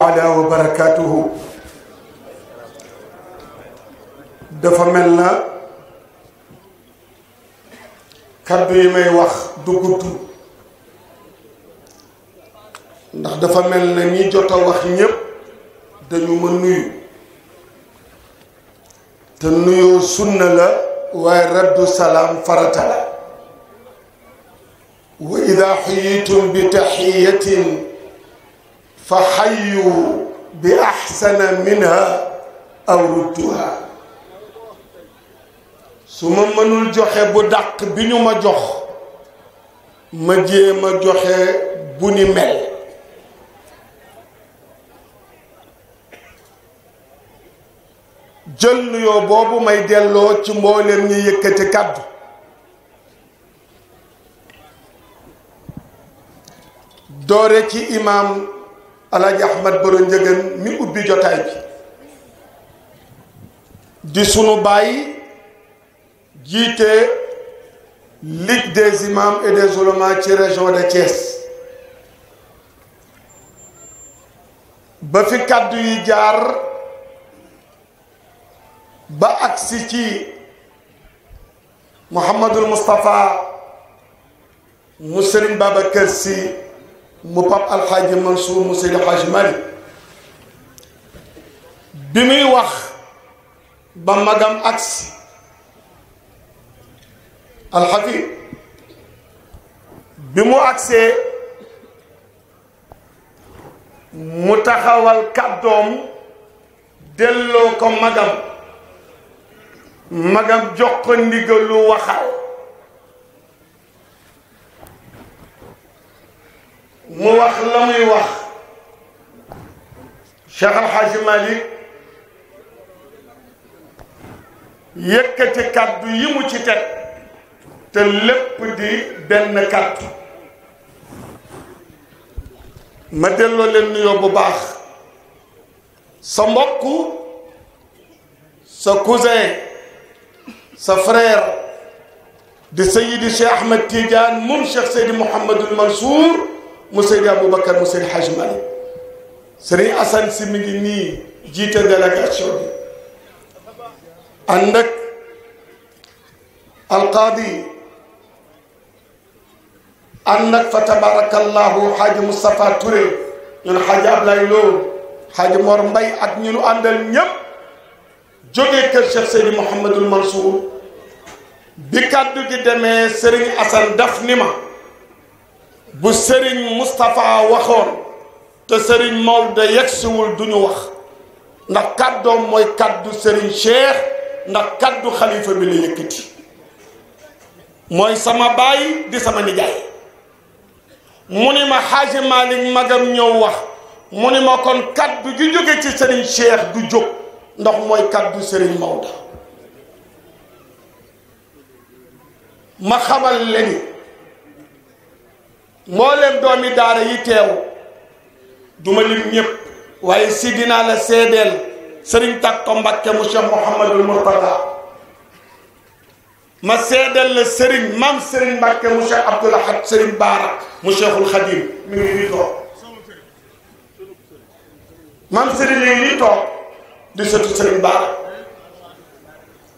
ala wa barakaatuhu dafa mel na kaddu yi may wax du ndax dafa mel na ñi jot a wax ñépp dañu ma nuyu te nuyoo sunna la waaye raddu salaam farata la wa ida xuyitum bi taxiyatin fa xayu bi axsana minha aw rudduha su ma mënul joxe bu dàq bi ñu ma jox ma jéem joxe bu ni mel jël nuyoo boobu may delloo ci mboolem ñi yëkkati kàddu doore ci imaam alaaji ahmad boro njëgën mi ubbi jotaay bi di sunu bàyyi jiite ligue des imams et des ci région de Thiès ba fi kàddu yi jaar ba agsi ci Mouhamadul Moustapha mu Serigne Babacar mu Pape Alxaaji Mansour mu Seydi Xaaji Malik bi muy wax ba magam agsi alxafid bi mu agsee mu taxawal kàddoom delloo ko magam magam jox ko ndigalu waxal mu wax la muy wax Cheikh Al Hadj Malick yëkkati kàddu yi mu ci teg te lépp di benn kàddu ma delloo leen nuyoo bu baax sa mbokk sa cousin sa frère di Seydi Cheikh Ahmed Tidiane moom Cheikh Seydi Mouhamadul Mansour mu seydi Aboubacar mu seydi Hadj Malick sëriñ Assane si mi ngi nii jiite délégation bi ànd ak alqaadi ànd ak fa tabarakallahu xaaji Moustapha Touré ñun xaaji Ablaye Lo xaaji Mor Mbay ak ñu nu àndal ñépp jógee kër Cheikh Seydi Mouhamadul Mansour bi kàddu gi deme sëriñ Assane daf ma bu sëriñ Moustapha waxoon te sëriñ Maodo yegsiwul du ñu wax ndax kàddoom mooy kàddu sëriñ Cheikh ndax kàddu xalifa bi la yëkkati mooy sama baay di sama nijaay mu ni ma xaaji Malick magam ñëw wax mu ni ma kon kàddu ju jóge ci sëriñ Cheikh du jóg ndax mooy kàddu sëriñ Maodo ma xamal leen mboolem doomi daara yi teew duma lim ñëpp waaye si dinaa la seedeel sëriñ Takko Mbakke mu Cheikh Mouhamadul Murtada ma seedeel la sëriñ maam sëriñ Mbakke mu Cheikh Abdoul Ahad sëriñ Baara mu Cheikhul Khadim mi ngi nii toog sëriñ mi ngi nii toog di sëtu sëriñ Baara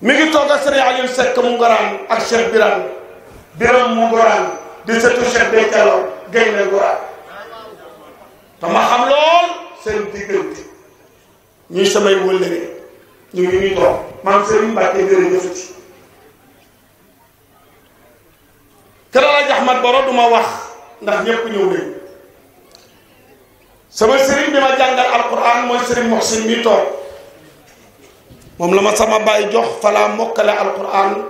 mi ngi toog ak sëriñ Aliou Seck mu ngoraan ak Cheikh Birane Birame mu ngoraan di sëtu Cheikh Béthio Thioraud Gaynde Ngoural te ma xam lool seen diggante ñuy samay wëllëgee ñu ngi ñuy toog maam Serigne Mbacke jërëjëfati kër Alaaji Ahmad Boro du ma wax ndax ñëpp ñëw nañu sama sëriñ bi ma jàngal alquran mooy sëriñ sama bàyyi jox falaa mokkale alquran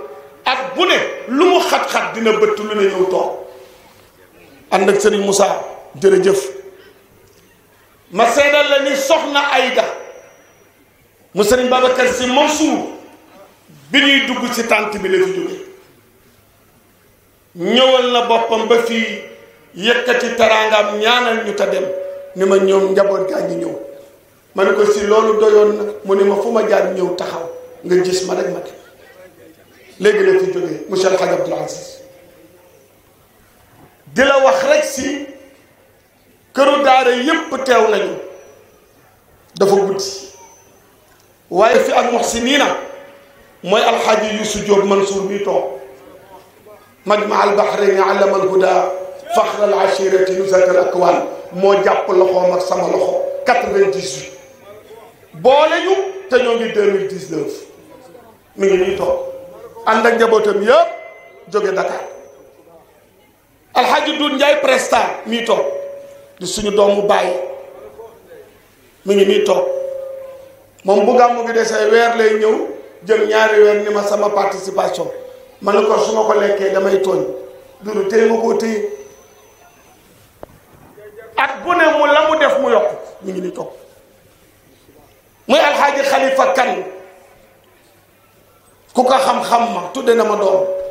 at bu mu xat-xat dina bëtt lu ne ñëw toog ànd ak sëriñ Moussa jërëjëf ma seedal la ni soxna Ayda mu sëriñ Babacar si Mansour bi ñuy dugg ci tànt bi la fi jóge ñëwal na boppam ba fii yëkkati taraangaam ñaanal ñu ta dem ni ma ñoom njaboot gaa ngi ñëw ma ne ko si loolu doyoon na mu ne ma fu ma jaar ñëw taxaw nga gis ma rek ma dem léegi la fi jógee monsieur El di la wax si këru daara yëpp teew nañu dafa guddi waaye fi ak muxsiniina mooy alxaaji yuusu jóob mansuur mi toog majma al bahrayni allama al huda faxra al ashirati nuzat al akwaan moo jàpp loxoom ak sama loxo 98 boole ñu te ñoo ngi 2019 mi ngi ñuy toog ànd ak njabootam yëpp jóge Alaaji Doudou Ndiaye Presta mii toog di suñu doomu baay mi ngi mii toog moom bu gàmmu gi desee weer lay ñëw jëm ñaari weer ni ma sama participation ma ne ko su ma ko lekkee damay tooñ Doudou téye ma koo téye ak bu ne mu la mu def mu yokk mi ngi ni toog muy Alxaaji Xalifa Kan ku ko xam-xam ma tudde na ma doom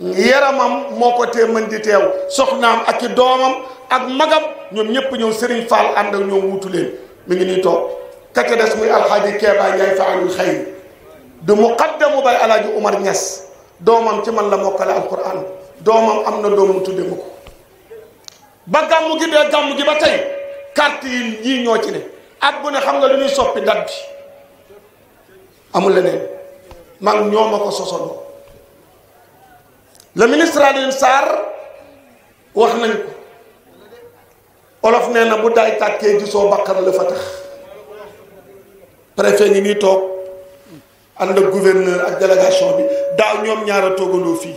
yaramam moo ko tee mën di teew soxnaam ak i doomam ak magam ñoom ñëpp ñëw Serigne Fall ànd ak ñoom wuutu leen mi ngi nii toog ka ca des muy alxaaji Keeba Njaay faalul xayri du muqaddamu bay alaaji Umar Ñas doomam ci man la mokkale alquran doomam am na doomu tudde ma ko ba gàmmu gi dee gàmmu gi ba tey carte yi ñii ñoo ci ne at bu ne xam nga lu ñuy soppi date bi amul leneen man ñoo ma ko sosol le ministre Alioune Sarr wax nañ ko olof nee na bu daay tàkkee gisoo bakkan la fa tax préfet ngi nii toog ànd ak gouverneur ak délégation bi daaw ñoom ñaar a toogandoo fii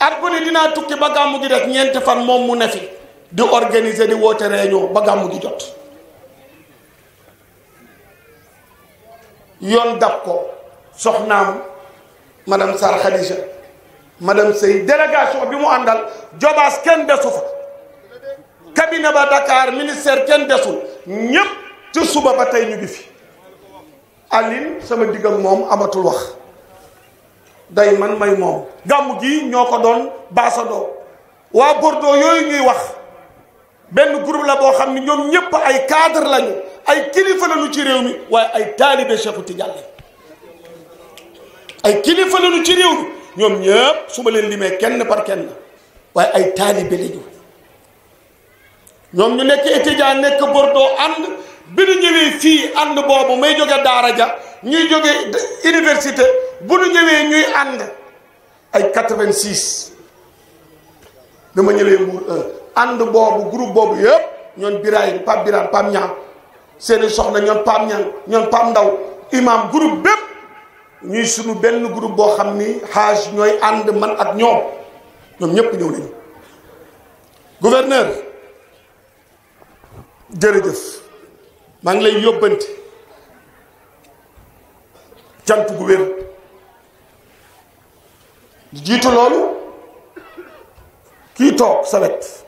at bu ne dinaa tukki ba gàmmu gi def ñeenti fan moom mu ne fi di organiser di woote réunion ba gàmmu di jot yoon dab ko soxnaam madame Sarr Khadija madame Seye délégation bi mu àndal jobaas kenn desu fa cabinet ba Dakar ministère kenn desul ñépp ci suba ba tey ñu ngi fi Aline sama digg moom amatul wax day man may moom gàmm gi ñoo ko doon baasadoo waa gordo yooyu ñuy wax benn groupe la boo xam ni ñoom ñépp ay cadre lañu ay kilifa lañu ci réew mi waaye ay taalibe Cheikh Tidiane ay kilifa lañu ci réew mi ñoom ñëpp su ma leen limee kenn par kenn waaye ay taalibe lañu ñoom ñu nekk étudiant nekk Bordeaux ànd bi ñu ñëwee fii ànd boobu may jóge daara ja ñuy jóge université bu ñu ñëwee ñuy ànd ay 86 dama ñëwee Mbour 1 boobu groupe boobu yëpp ñoom Birahim Pape Birahim Pape Niang seeni soxna ñoom Pape Niang ñoom Pape Ndaw imam groupe bépp ñuy sunu benn group boo xam ni xaaj ñooy ànd man ak ñoom ñoom ñépp ñëw nañu gouverneur jërëjëf maa ngi lay yóbbante cant gu wér di jiitu loolu kii toog sa wet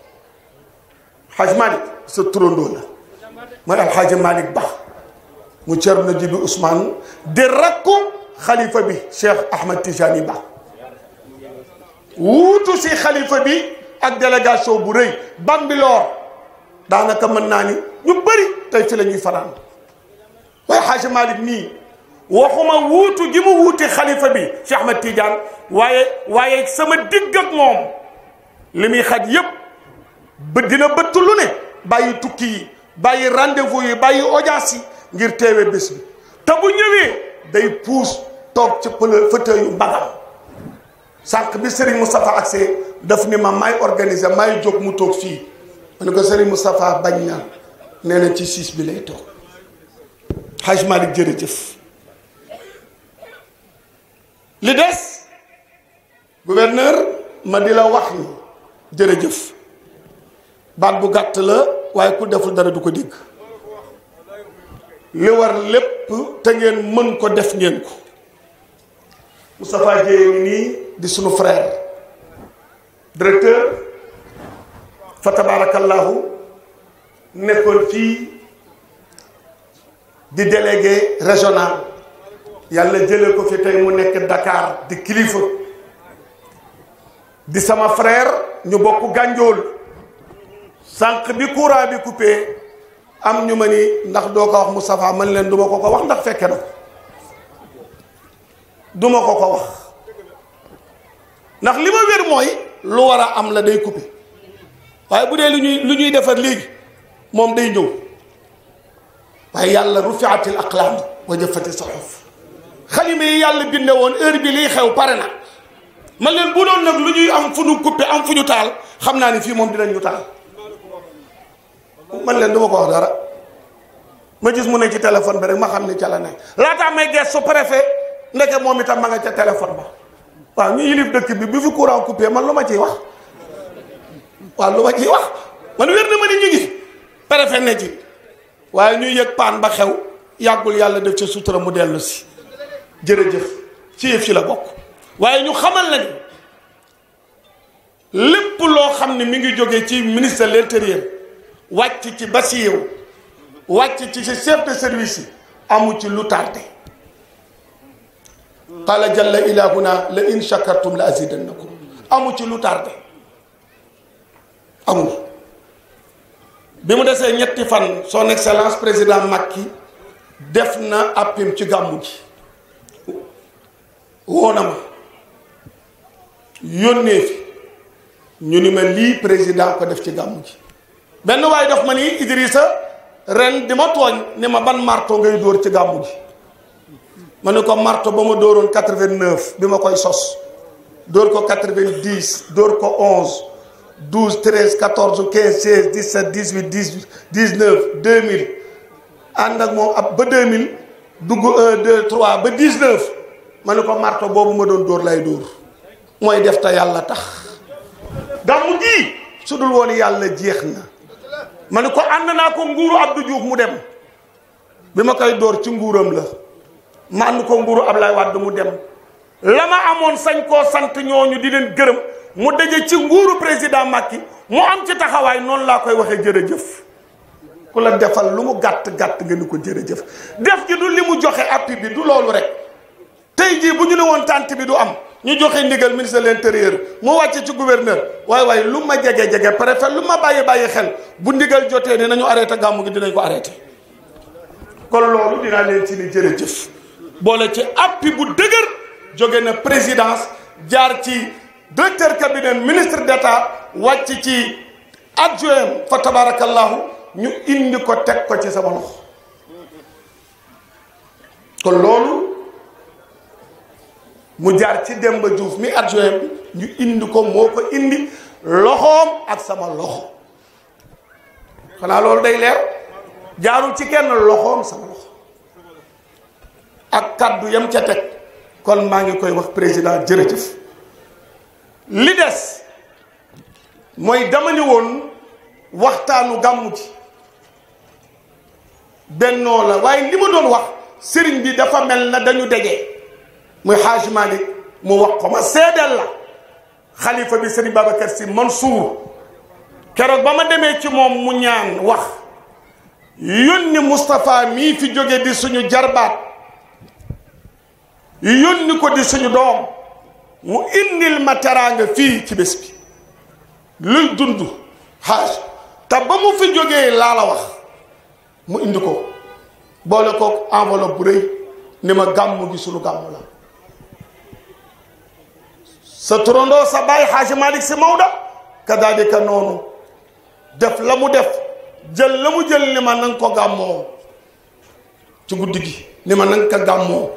xaaj Malick sa turandoo la mooy alxaaji Malick Ba mu Cerno Jibi Ousmane di rakku xalifa bi Cheikh Ahmed Tijani Ba wuutu si xalifa bi ak délégation bu rëy Bambilor daanaka mën naa ni ñu bëri tey fi la ñuy fanaan waaye Xaaji Malick nii waxuma wuutu gi mu wuuti xalifa bi Cheikh Ahmed Tidiane waaye waaye sama digg ak moom li muy xaj yépp ba dina bëtt lu ne bàyyi tukki yi bàyyi rendez-vous yi bàyyi audience yi ngir teewe bés bi te bu ñëwee day puus toog ci pële fauteuil yu bagam sànq bi Serigne Moustapha agsee daf ni ma may organiser may jóg mu toog fii ma ne ko Serigne Moustapha bañ na nee na ci siis bi lay toog Haj Malick jërëjëf li des gouverneur ma di la wax ni jërëjëf baat bu gàtt la waaye ku deful dara du ko dégg li war lépp te ngeen mën ko def ngeen ko Moustapha Dieye nii di suñu frère directeur fa tabarakallahu nekkoon fii di délégué régional yàlla jëlee ko fi tey mu nekk dakaar di kilifa di sama frère ñu bokk gànjool sànq bi courant bi coupé am ñu ma ni ndax doo ko wax Moustapha man leen duma ko ko wax ndax fekke na ko duma ko ko wax ndax li ma wér mooy lu war a am la day coupé waaye bu dee lu ñuy lu ñuy defar léegi moom day ñëw waaye yàlla rufiatil aqlaam wa jëfati suhuf xalima yi yàlla binde woon heure bi liy xew pare na man leen bu doon nag lu ñuy am fu ñu coupé am fu ñu taal xam naa ni fii moom dinañ ñu taal man leen du ma ko wax dara ma gis mu ne ci téléphone bi rek ma xam ni ca la nekk laataa may gees su préfet ndeke moom itam ma nga ca téléphone ba waaw ñu yilif dëkk bi bi fi courant coupé man lu ma ciy wax waaw lu ma ciy wax man wér na ma ni ñu ngi préfet ne ci waaye ñu yàggul yàlla def ca sutura mu dellu si jërëjëf ci yëf ci la bokk waaye ñu xamal lañ lépp loo xam ne mu ngi jóge ci ministre de l'intérieur wàcc ci basiiru wàcc ci si chef de yi amu ci lu tardé qala jalla ilahuna la in shakartum la azidannakum amul ci lu tardé amu bi mu desee ñetti fan son excellence président Macky def na appim ci gàmmu ji woo na yónnee fi ñu ni ma lii président ko def ci gàmmu ji benn waaye daf ma ni Idrissa ren di ma tooñ ni ma ban marto ngay dóor ci gàmmu ji ma ne ko marto ba ma dóoroon quatre-vingt-neuf bi ma koy sos dóor ko quatre-vingt-dix dóor ko onze douze treize quatorze quinze seize dix-sept dix-huit dix-huit dix-neuf deux mille ànd ak moom ab ba deux mille dugg un deux trois ba dix-neuf ma ne ko marto boobu ma doon dóor lay dóor mooy def te yàlla tax gàmmu ji su dul woon yàlla jeex na ma ne ko ànd naa ko nguuru du Diouf mu dem bi ma koy door ci nguuram la ma ànd ko nguuru Ablaye Wade mu dem la ma amoon sañ koo sant ñooñu di leen gërëm mu daje ci nguuru président ki mu am ci taxawaay noonu laa koy waxee jërëjëf ku la defal lu mu gàtt gàtt nga ni ko jërëjëf def gi du li mu joxe appui bi du loolu rek tey jii bu ñu ne woon tànt bi du am. ñu joxe ndigal ministre de l'intérieur mu wàcce ci gouverneur waaye waaye lu ma jege jege préfet lu ma bàyyi bàyyi xel bu ndigal jotee ne nañu arrêté gàmmu gi dinañ ko arrêté kon loolu dinaa leen ci ni jërëjëf boole ci appui bu dëgër jóge na présidence jaar ci directeur cabinet ministre d'État wàcc ci adjoint fa tabarakallahu ñu indi ko teg ko ci sama loxo kon loolu mu jaar ci Demba Diouf mi adjoint bi ñu indi ko moo ko indi loxoom ak sama loxo xanaa loolu day leer jaarul ci kenn loxoom sama loxo ak kaddu yam ca teg kon maa ngi koy wax président jërëjëf li des mooy dama ni woon waxtaanu gàmmu ji bennoo la waaye li ma doon wax sëriñ bi dafa mel na dañu dege muy Hadj Malick mu wax ko ma seedeel la xalifa bi Serigne Babacar man Mansour keroog ba ma demee ci moom mu ñaan wax yónni Moustapha mii fi jóge di suñu jarbaat yónni ko di suñu doom mu indil ma teraanga fii ci bés bi luy dund xaaj te ba mu fi jógee laa la wax mu indi ko boole ko enveloppe bu rëy ni ma gàmm gi suñu gàmm sa turandoo sa baay xaaji Malick si Maodo kadaalika noonu def la mu def jël la mu jël ni ma nanga ko gàmmoo ci guddi gi ni ma nanga ko gàmmoo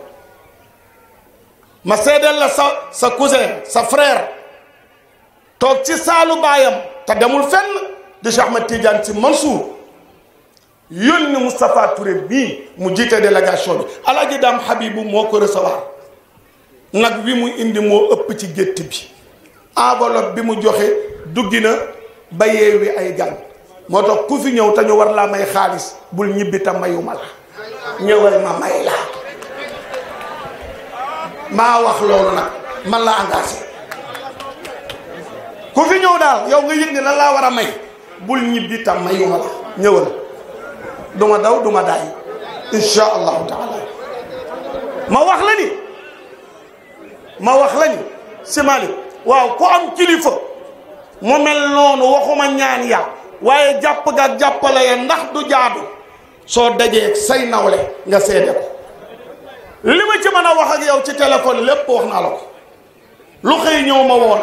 ma seedeel la sa sa cousin sa frère toog ci saalu baayam te demul fenn di Cheikh Ahmed Tidiane Sy Mansour yónni Moustapha Touré bii mu jiite délégation bi Alaaji Daam Habibu moo ko recevoir nag wi mu indi moo ëpp ci gétt bi enveloppe bi mu joxe duggi na ba yeewi ay gan moo tax ku fi ñëw te ñu war laa may xaalis bul ñibbi te mayuma la ñëwal ma may la maa wax loolu nag man la engagé ku fi ñëw daal yow nga yëg ne lan laa war a may bul ñibbi tam mayuma la ñëwal duma daw duma daay insha allahu taala ma wax la ni ma wax lañu si Malick waaw ku am kilifa mu mel noonu waxuma ñaan ya waaye jàpp ga jàppale ya ndax du jaadu soo dajee say nawle nga seede ko li ma ci mën a wax ak yow ci téléphone lépp wax naa la ko lu xëy ñëw ma woo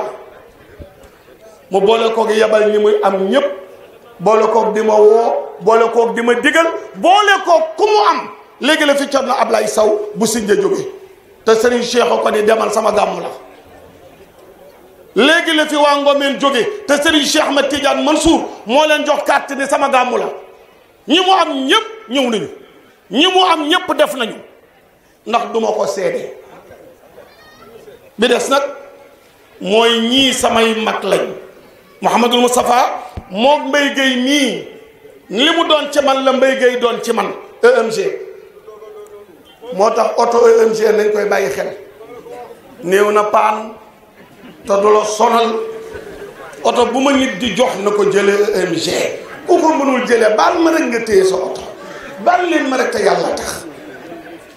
mu boole koog yabal ñi muy am ñépp boole di ma woo boole koog di ma digal boole koog ku mu am léegi la fi Thierno Ablaye Sow bu sinja jóge te Serigne Cheikh ko ni demal sama gàmmu la léegi la fi waa Ngomeen jóge te Serigne Cheikh Ahmed man Mansour moo leen jox carte ni sama gàmmu la ñi mu am ñëpp ñëw nañu ñi mu am ñëpp def nañu ndax duma ko seede bi des nag mooy ñii samay mag lañ Mouhamadul Moustapha moog Mbaye Guèye nii li mu doon ci man la Mbaye Guèye doon ci man EMG moo tax auto EMG nañ koy bàyyi xel néew na paan te du la sonal oto bu ma nit di jox na ko jële EMG ku ko mënul jëlee baal ma rek nga téye sa oto baal leen ma rek te yàlla tax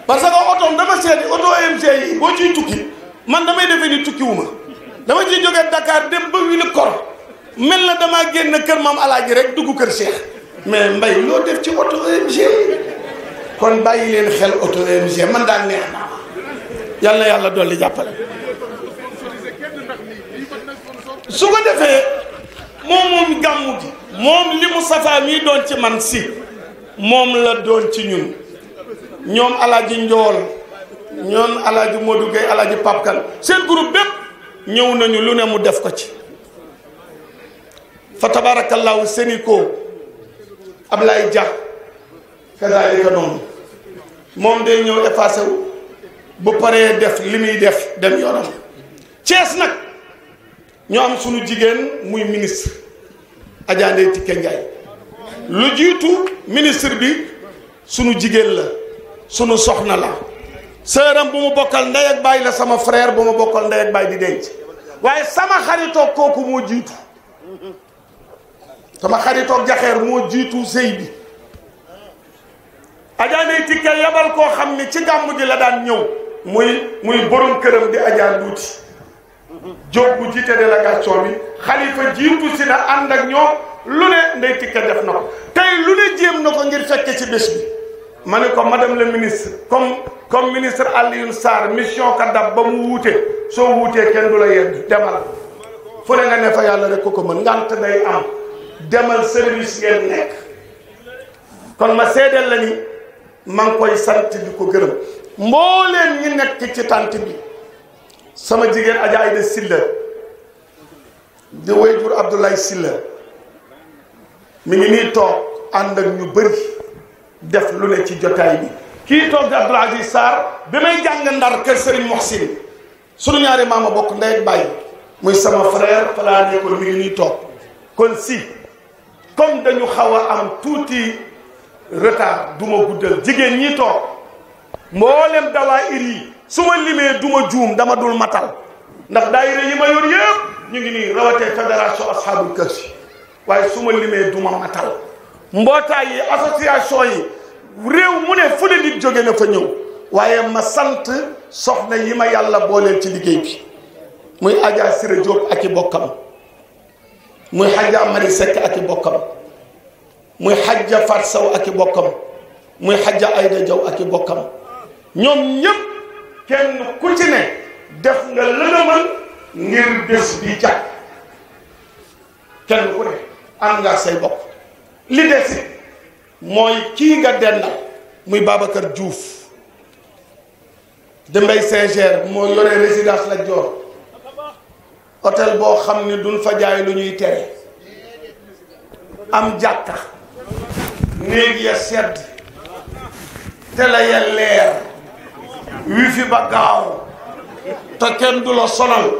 parce que oto dama seeti auto EMG yi boo ciy tukki man damay defee ni tukki ma dama ciy jógee Dakar dem ba wili kor mel na damaa génn kër maam alaaji rek dugg kër Cheikh mais mbay loo def ci auto EMG kon bàyyi leen xel automusée man daal neex naa yal na yàlla dolli jàppale su ko defee moom moom gàmmu gi moom li mu safaa mii doon ci man si moom la doon ci ñun ñoom alaaji njool ñoom alaaji Modou Gueye alaaji Papkan seen groupe bépp ñëw nañu lu ne mu def ko ci fa tabaarakallaahu seniko Ablaye Dia kadaalika noonu moom de ñëw effacé wu bu paree def li muy def dem yoonam Thiès nag ñoo am sunu jigéen muy ministre Adja Ndeye Tické lu jiitu ministre bi sunu jigéen la sunu soxna la sëram bu mu bokkal ndey ak baay la sama frère bu mu bokkal ndey ak baay di denc waaye sama xaritoog kooku moo jiitu sama xaritoog jaxeer moo jiitu sëy bi Adja Ndeye Tické yabal koo xam ni ci gàmmu ji la daan ñëw muy muy borom këram di Adja Nduuti Diop bu jiite délégation bi xalifa jiitu si na ànd ak ñoom lu ne Ndeye Tické def na ko tey lu ne jéem na ko ngir fekke si bés bi ma ne ko ma dem la ministre comme comme ministre Alioune Sarr mission ka dab ba mu wuute soo wuutee kenn du la yedd demal fu ne nga ne fa yàlla rek ko ko mën ngant day am demal service ngeen nekk kon ma seedeel la ni maa ngi koy sant di ko gërëm mbooleen ñi nekk ci tànt bi sama jigéen Adja Aïda Silla di wayjur Abdoulaye Silla mu ngi nii toog ànd ñu bëri def lu ne ci jotaay bi kii toog di Abdoul Aziz Sarr bi may jàng ndar kër Serigne Moxsin sunu ñaari maama bokk ndey ak bàyyi muy sama frère falaa nekkoon mi ngi nii toog kon si comme dañu xaw am tuuti retard duma ma guddal jigéen ñi toog mboolem dawaayir yi su ma limee duma juum dama dul matal ndax daayira yi ma yor yëpp ñu ngi nii rawatee fédération asxaabul kahfi waaye su ma limee du ma matal mbootaay yi association yi réew mu ne fu ne nit jóge na fa ñëw waaye ma sant soxna yi ma yàlla booleel ci liggéey bi muy Adja Siré Diop ak i bokkam muy Hadja Mari Seck ak i bokkam muy xajja fat saw ak i bokkam muy xajja ayda jaw ak i bokkam ñoom ñépp kenn ku ci ne def nga lëlëmal ngir bés bi jàkk kenn ku ne am say bokk li desi mooy kii nga dendal muy Babacar Diouf di Mbaye moo yore résidence la Dior hôtel boo xam ne duñ fa jaay lu ñuy tere am jàkka néeg ya sedd télé ya leer wifi ba gaaw te du la sonal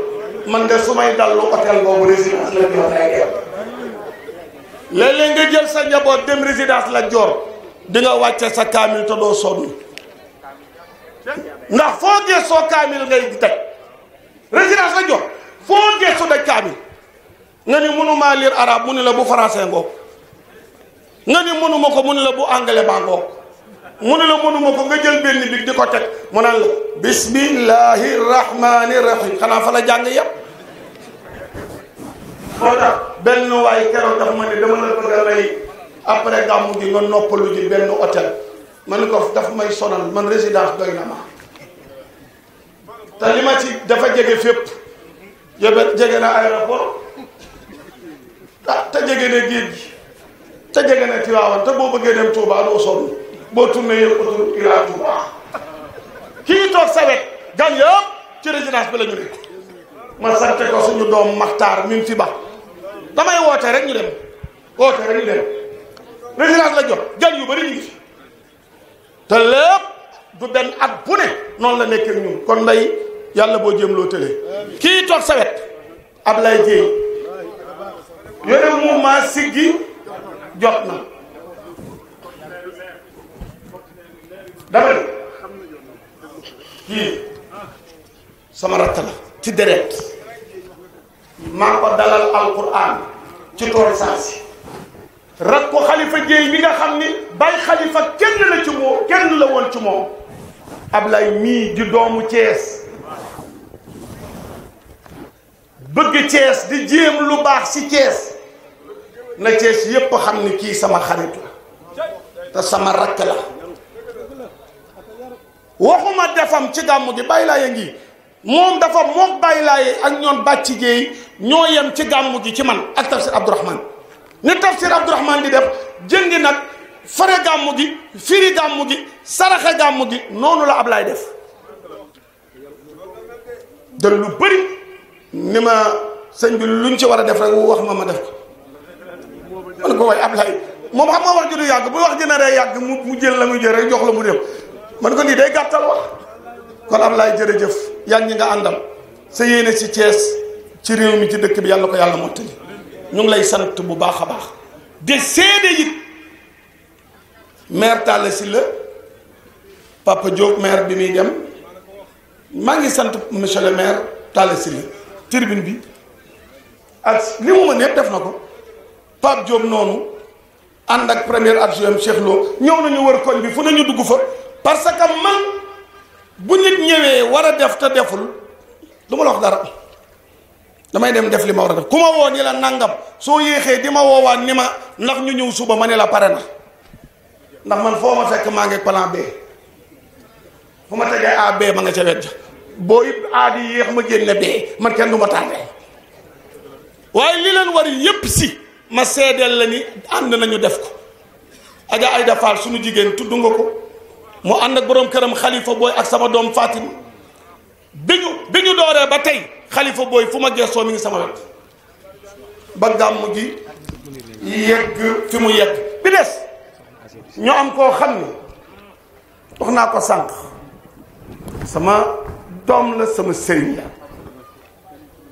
man de su may dal lu hôtel boobu résidence la joor lay dem léeg nga jël sa njaboot dem résidence la joor di nga wàcce sa kaamil te doo sonn ndax foo gëstoo kaamil ngay di teg résidence la joor foo gëstu daj kaamil nga ni mënumaa lire arabe mu ne la bu français ngoo nga ne mënuma ko mu ne la bu anglais bàngoo mu ne la mënuma ko nga jël benn bi di ko teg mu naan la bismillahi rahmani rahim xanaa fa la jàng yëpp moo tax benn waay keroog dafa ma ne dama la bëgg a may après gàmmu gi nga noppalu ji benn hôtel ma ne ko dafa may sonal man résidence doy na ma te li ma ci dafa jege fépp jege jege na aéroport ah, te jege na géej gi te jege na Tiwaawan te boo bëggee dem Touba boo tourné yow autoroute ila Touba kii toog sa wet gan yëpp ci bi la ma sante suñu doom Maxtaar mi fi ba damay woote dem woote rek ñu dem résidence la jot gan yu bëri ñu ngi fi te lépp du benn bu ne noonu la nekkee ñun kon nday yàlla boo jéem loo tëlee kii toog sa wet Ablaye Dieye yore mouvement siggi jot na dama ne kii sama ratt la ci deret maa ko dalal alquran ci tool saasi rak ko xalifa jéey bi nga xam ni bay xalifa kenn la ci moom kenn la woon ci moom Ablaye mii di doomu Cees bëgg Cees di jéem lu baax si Cees na Cees yépp xam ni kii sama xarit la te sama rakk la waxuma defam ci gàmmu gi bàyyi laa ngi moom dafa moom bàyyi ak ñoom bàcc jeey ñoo yem ci gàmmu gi ci man ak tafsir abdourahman ni tafsir abdourahman di def jëngi nag fare gàmmu gi firi gàmmu gi saraxe gàmmu gi noonu la Ablaay def da lu bëri ni ma sëñ bi luñ ci war a def rek wax ma ma def ko ma ne ko waaye Ablaye moom xam nga wax ji yàgg boo wax ji yàgg mu mu jël la muy jël rek jox la mu dem man ko lii day gàttal wax kon Ablaye jërëjëf yaa ngi nga àndal sa yéene si Thiès ci réew mi ci dëkk bi yàlla ko yàlla mottali ñu ngi lay sant bu baax a baax de seede it maire Talla Sylla Papa Diop maire bi muy dem maa ngi sant monsieur le maire Talla Sylla tribune bi ak li mu mën yëpp def na ko Pape Diop noonu ànd ak premier adjoint Cheikh Lo ñëw nañu wër koñ bi fu ñu dugg fa parce que man bu nit ñëwee war a def te deful du la wax dara damay dem def li ma war a def ku ma woo ni la nàngam soo yéexee di ma woowaat ni ma ndax ñu ñëw suba ma ne la pare na ndax man foo ma fekk maa ngi plan B fu ma tegee A B ma nga ca wet boo it A yéex ma génne B man kenn du ma waaye li leen war yépp si. ma seedeel la ni ànd nañu def ko Adja Aïda suñu jigéen tudd nga ko mu ànd ak boroom këram xalifa booy ak sama doom Fatim bi ñu bi ñu dooree ba tey xalifa booy fu ma gëstoo mi ngi sama wet ba gàmm gi yegg fi mu yegg bi des ñu am koo xam ni wax naa ko sànq sama doom la sama sëriñ la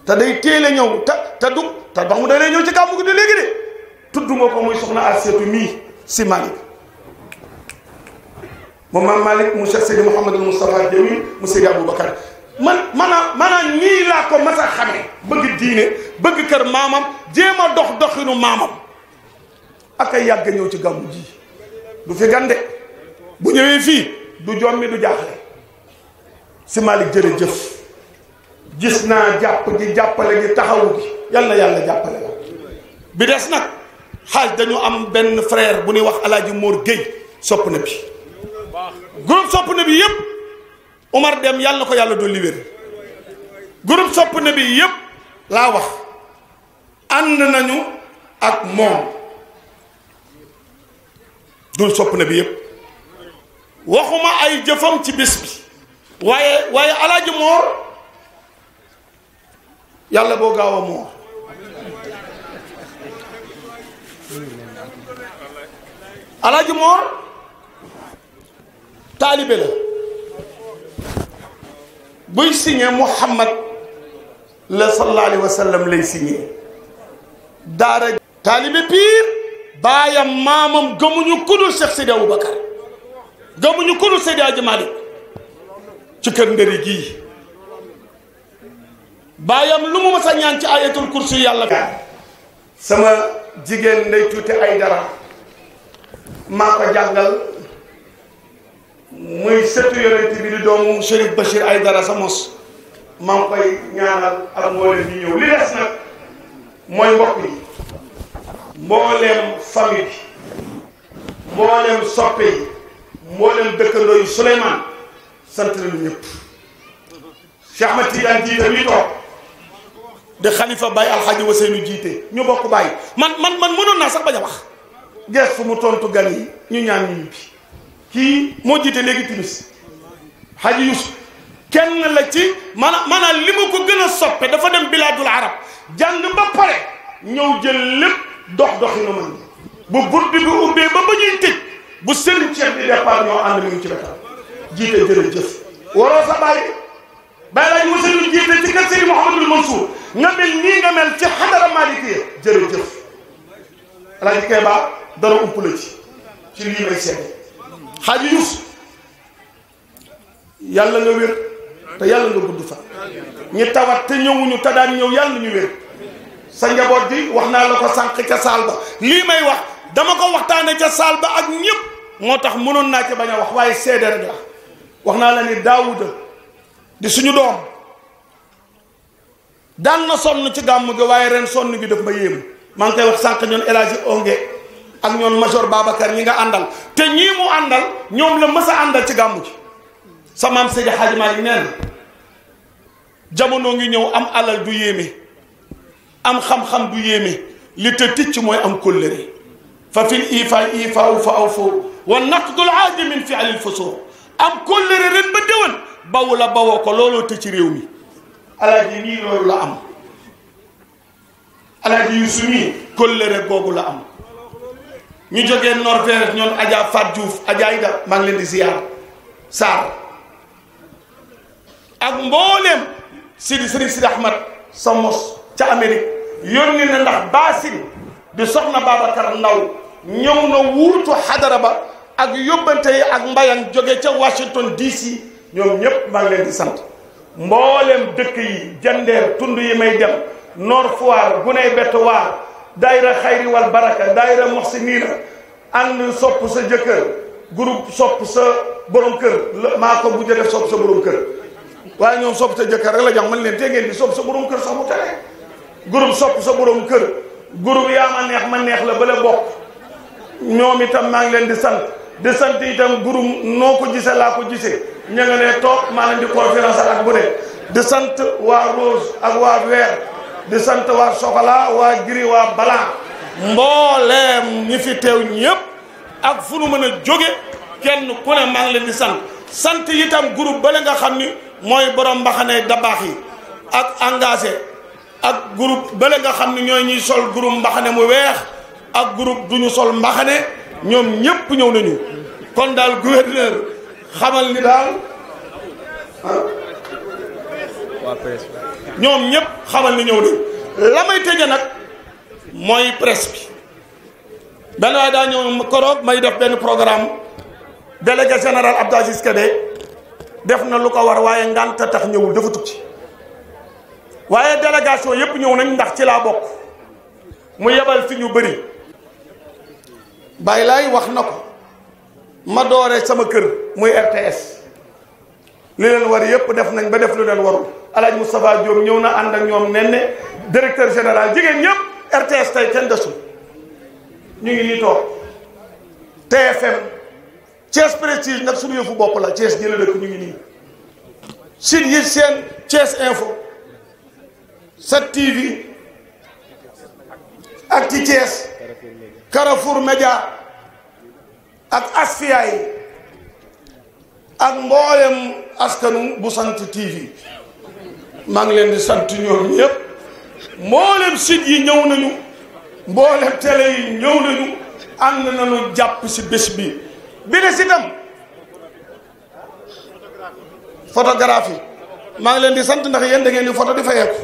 te day téele ñëw te te du te bax mu da lay ñëw ci gàmmu gi de léegi de tudduma ko muy soxna Asiyatu mii si Malick moom maam Malick mu Cheikh Seydi Mouhamadou Moustapha Jawi mu Seydi Aboubacar man maanaam maanaam nii laa ko mas a xamee bëgg diine bëgg kër maamam jéem a dox doxinu maamam ak ay yàgg ci gàmmu ji du fi gande bu ñëwee fii du jommi du jaaxle si Malick jërëjëf gis naa jàpp ji jàppale gi taxawu gi yàlla yàlla jàppale la bi des nag xaaj dañu am benn frère bu nuy wax alaaji moor Gueye sopp na bi groupe sopp na bi yëpp Umar dem yàlla na ko yàlla dolli wér groupe sopp bi yëpp laa wax ànd nañu ak moom dul sopp na bi yëpp waxuma ay jëfam ci bis bi waaye waaye alaaji Mor yàlla boo gaaw a moor alaaji moor taalibe la buy signé Muhammad la sallallahu alayhi wa sallam lay signé daara taalibe piir baayam maamam gëmuñu kudul Cheikh Sidi Aboubacar gëmuñu kudul Seydi Hadji ci kër ndëri gii baayam lu mu mas ñaan ci ayatul kursi yàlla sama jigéen ndey tuuti ay dara maa ko jàngal muy sëtu yonent bi di doomu Chérif Bachir ay dara sa mos maa ngi koy ñaanal ak mboolem yi ñëw li des nag mooy mbokk yi mbooleem famille bi mbooleem soppe yi mbooleem dëkkandoo yi Souleymane sant nañu ñëpp Cheikh Ahmed Tidiane jii tamit toog de xalifa Baye Alxaaji Waseynu jiite ñu bokk Baye man man man mënoon naa sax bañ a wax gees fu mu tontu gan yi ñu ñaan ñu ñibbi kii moo jiite léegi timis Xaaji Yusuf kenn la ci maanaam maanaam li ko gën a soppe dafa dem bilaadul arab jàng ba pare ñëw jël lépp dox doxinu man bu burdi bi ubbee ba ba ñuy tëj bu sëriñ ceeb bi départ ñoo ànd mi ngi ci wetam jiite jërëjëf waroo sa bàyyi bàyyi laaj ma sëriñ jiite ci kër sëriñ Mouhamadul Mansour nga mel nii nga mel ci xadara Malikia jërëjëf El Hadj Keba dara ump la ci ci lii may seede xaaji Yus yàlla nga wér te yàlla nga gudd fa ñi tawat te ñëwuñu te daan ñëw yàlla ñu wér sa njaboot ji wax naa la ko sànq ca saal ba lii may wax dama ko waxtaane ca saal ba ak ñëpp moo tax mënoon naa ci bañ a wax waaye seede rek la wax naa la ni Daawuda di suñu doom daan na sonn ci gàmm gi waaye ren sonn gi daf ma yéemu maa ngi koy wax sànq ñoon El Hadji Onge ak ñoon major Babacar ñi nga àndal te ñii mu àndal ñoom la mës a àndal ci gàmmu gi sa maam Seydi Hadji Malick nee na jamono ngi ñëw am alal du yéeme am xam-xam du yéeme li te ticc mooy am kóllëre fa fil ifa ifau fa aw foo wa naqdul aadi min fialil fusuur am kóllëre ren ba déwén bawu bawoo ko looloo te ci réew mi alaaji nii loolu la am alaaji yu sumi kóllëre googu la am ñu jógee Norvège ñoom Adja Fat Diouf Adja Ida maa leen di ziar Sarr ak mbooleem Sidi Sidi Sidi Ahmad sa mos ca Amérique yónni ndax baasin di soxna Babacar Ndaw ñëw na wuutu xadara ba ak yóbbante yi ak mbayang jóge ca Washington DC ñoom ñépp maa ngi leen di sant mboolem dëkk yi jandeer tund yi may dem Nord Foire Guney Bett Waar daayira Xayri wal Baraka daayira Muhsinina ànd sopp sa jëkkër groupe sopp sa borom kër maa ko bu def sopp sa borom kër waaye ñoom sopp sa jëkkër rek la jox man leen te ngeen di sopp sa borom kër sax mu tere groupe sopp sa borom kër groupe yaa ma neex ma neex la bala bokk ñoom itam maa ngi leen di sant di sant itam groupe noo ko gisee laa ko gisee ña nga ne toog maa leen di conférence ak bu ne di sant waa rose ak waa vert di sant waa chocolat waa gris waa blanc mbooleem ñi fi teew ñëpp ak fu nu mën a jóge kenn ku ne maa ngi leen di sant sant itam groupe bale nga xam ni mooy borom mbaxane dabaax yi ak engagé ak groupe bale nga xam ni ñooy ñuy sol groupe mbaxane mu weex ak groupe du ñu sol mbaxane ñoom ñëpp ñëw nañu kon daal gouverneur xamal ni daal ah, ñoom ñëpp xamal ni ñëw de la may tëje nag mooy presse bi. benn waaye daa ñëw koroog may def benn programme délégué général Abdou Aziz Kébé def na lu ko war waaye ngant tax ñëwul dafa tukki waaye délégation yëpp ñëw nañ ndax ci laa bokk mu yebal fi ñu bëri. Baye Laye wax na ko. ma dooree sama kër muy RTS li leen war yëpp def nañ ba def lu leen warul Alaaji Moustapha Diop ñëw na ànd ak ñoom nen ne directeur général jigéen ñëpp RTS tey kenn desul ñu ngi nii toog TFM Thiès Prestige nag suñu yëfu bopp la Thiès jëla ñu ngi nii site yi seen Thiès Info 7TV ak ci Thiès Carrefour Média ak asfiya yi ak mboolem askanu bu sant TV maa ngi leen di sant ñoom ñëpp mboolem site yi ñëw nañu mboolem télé yi ñëw nañu ànd nañu jàpp si bés bi bi des itam photographie maa ngi leen di sant ndax yéen dangeen di photo di fayeeku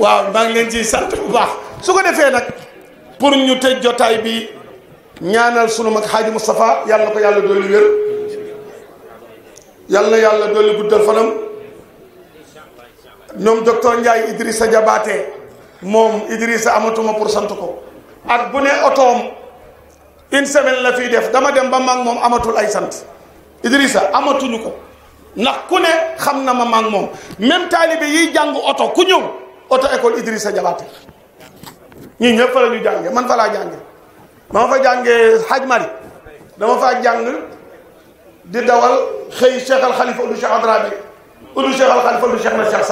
waaw maa ngi leen ciy sant bu baax su ko defee nag. pour ñu tëj jotaay bi ñaanal sunu mag xaaji Moustapha yàlla na ko yàlla doolu wér yàlla na yàlla dolli guddal fanam ñoom docteur Ndiaye Idrissa jabaate moom Idrissa amatuma pour sant ko ak bu ne otoom une semaine la fiy def dama dem ba mag moom amatul ay sant Idrissa amatuñu ko ndax ku ne xam na ma mag moom même taalibe yiy jàng oto ku ñëw oto école Idrissa Diabaté ñu ñëpp fa la ñu jànge man fa laa jànge dama fa jàngee Haj Mari dama fa jàng di dawal xëy Cheikh Al Khalifa Ould Cheikh Hadrami Ould Cheikh Khalifa Ould Cheikh na Cheikh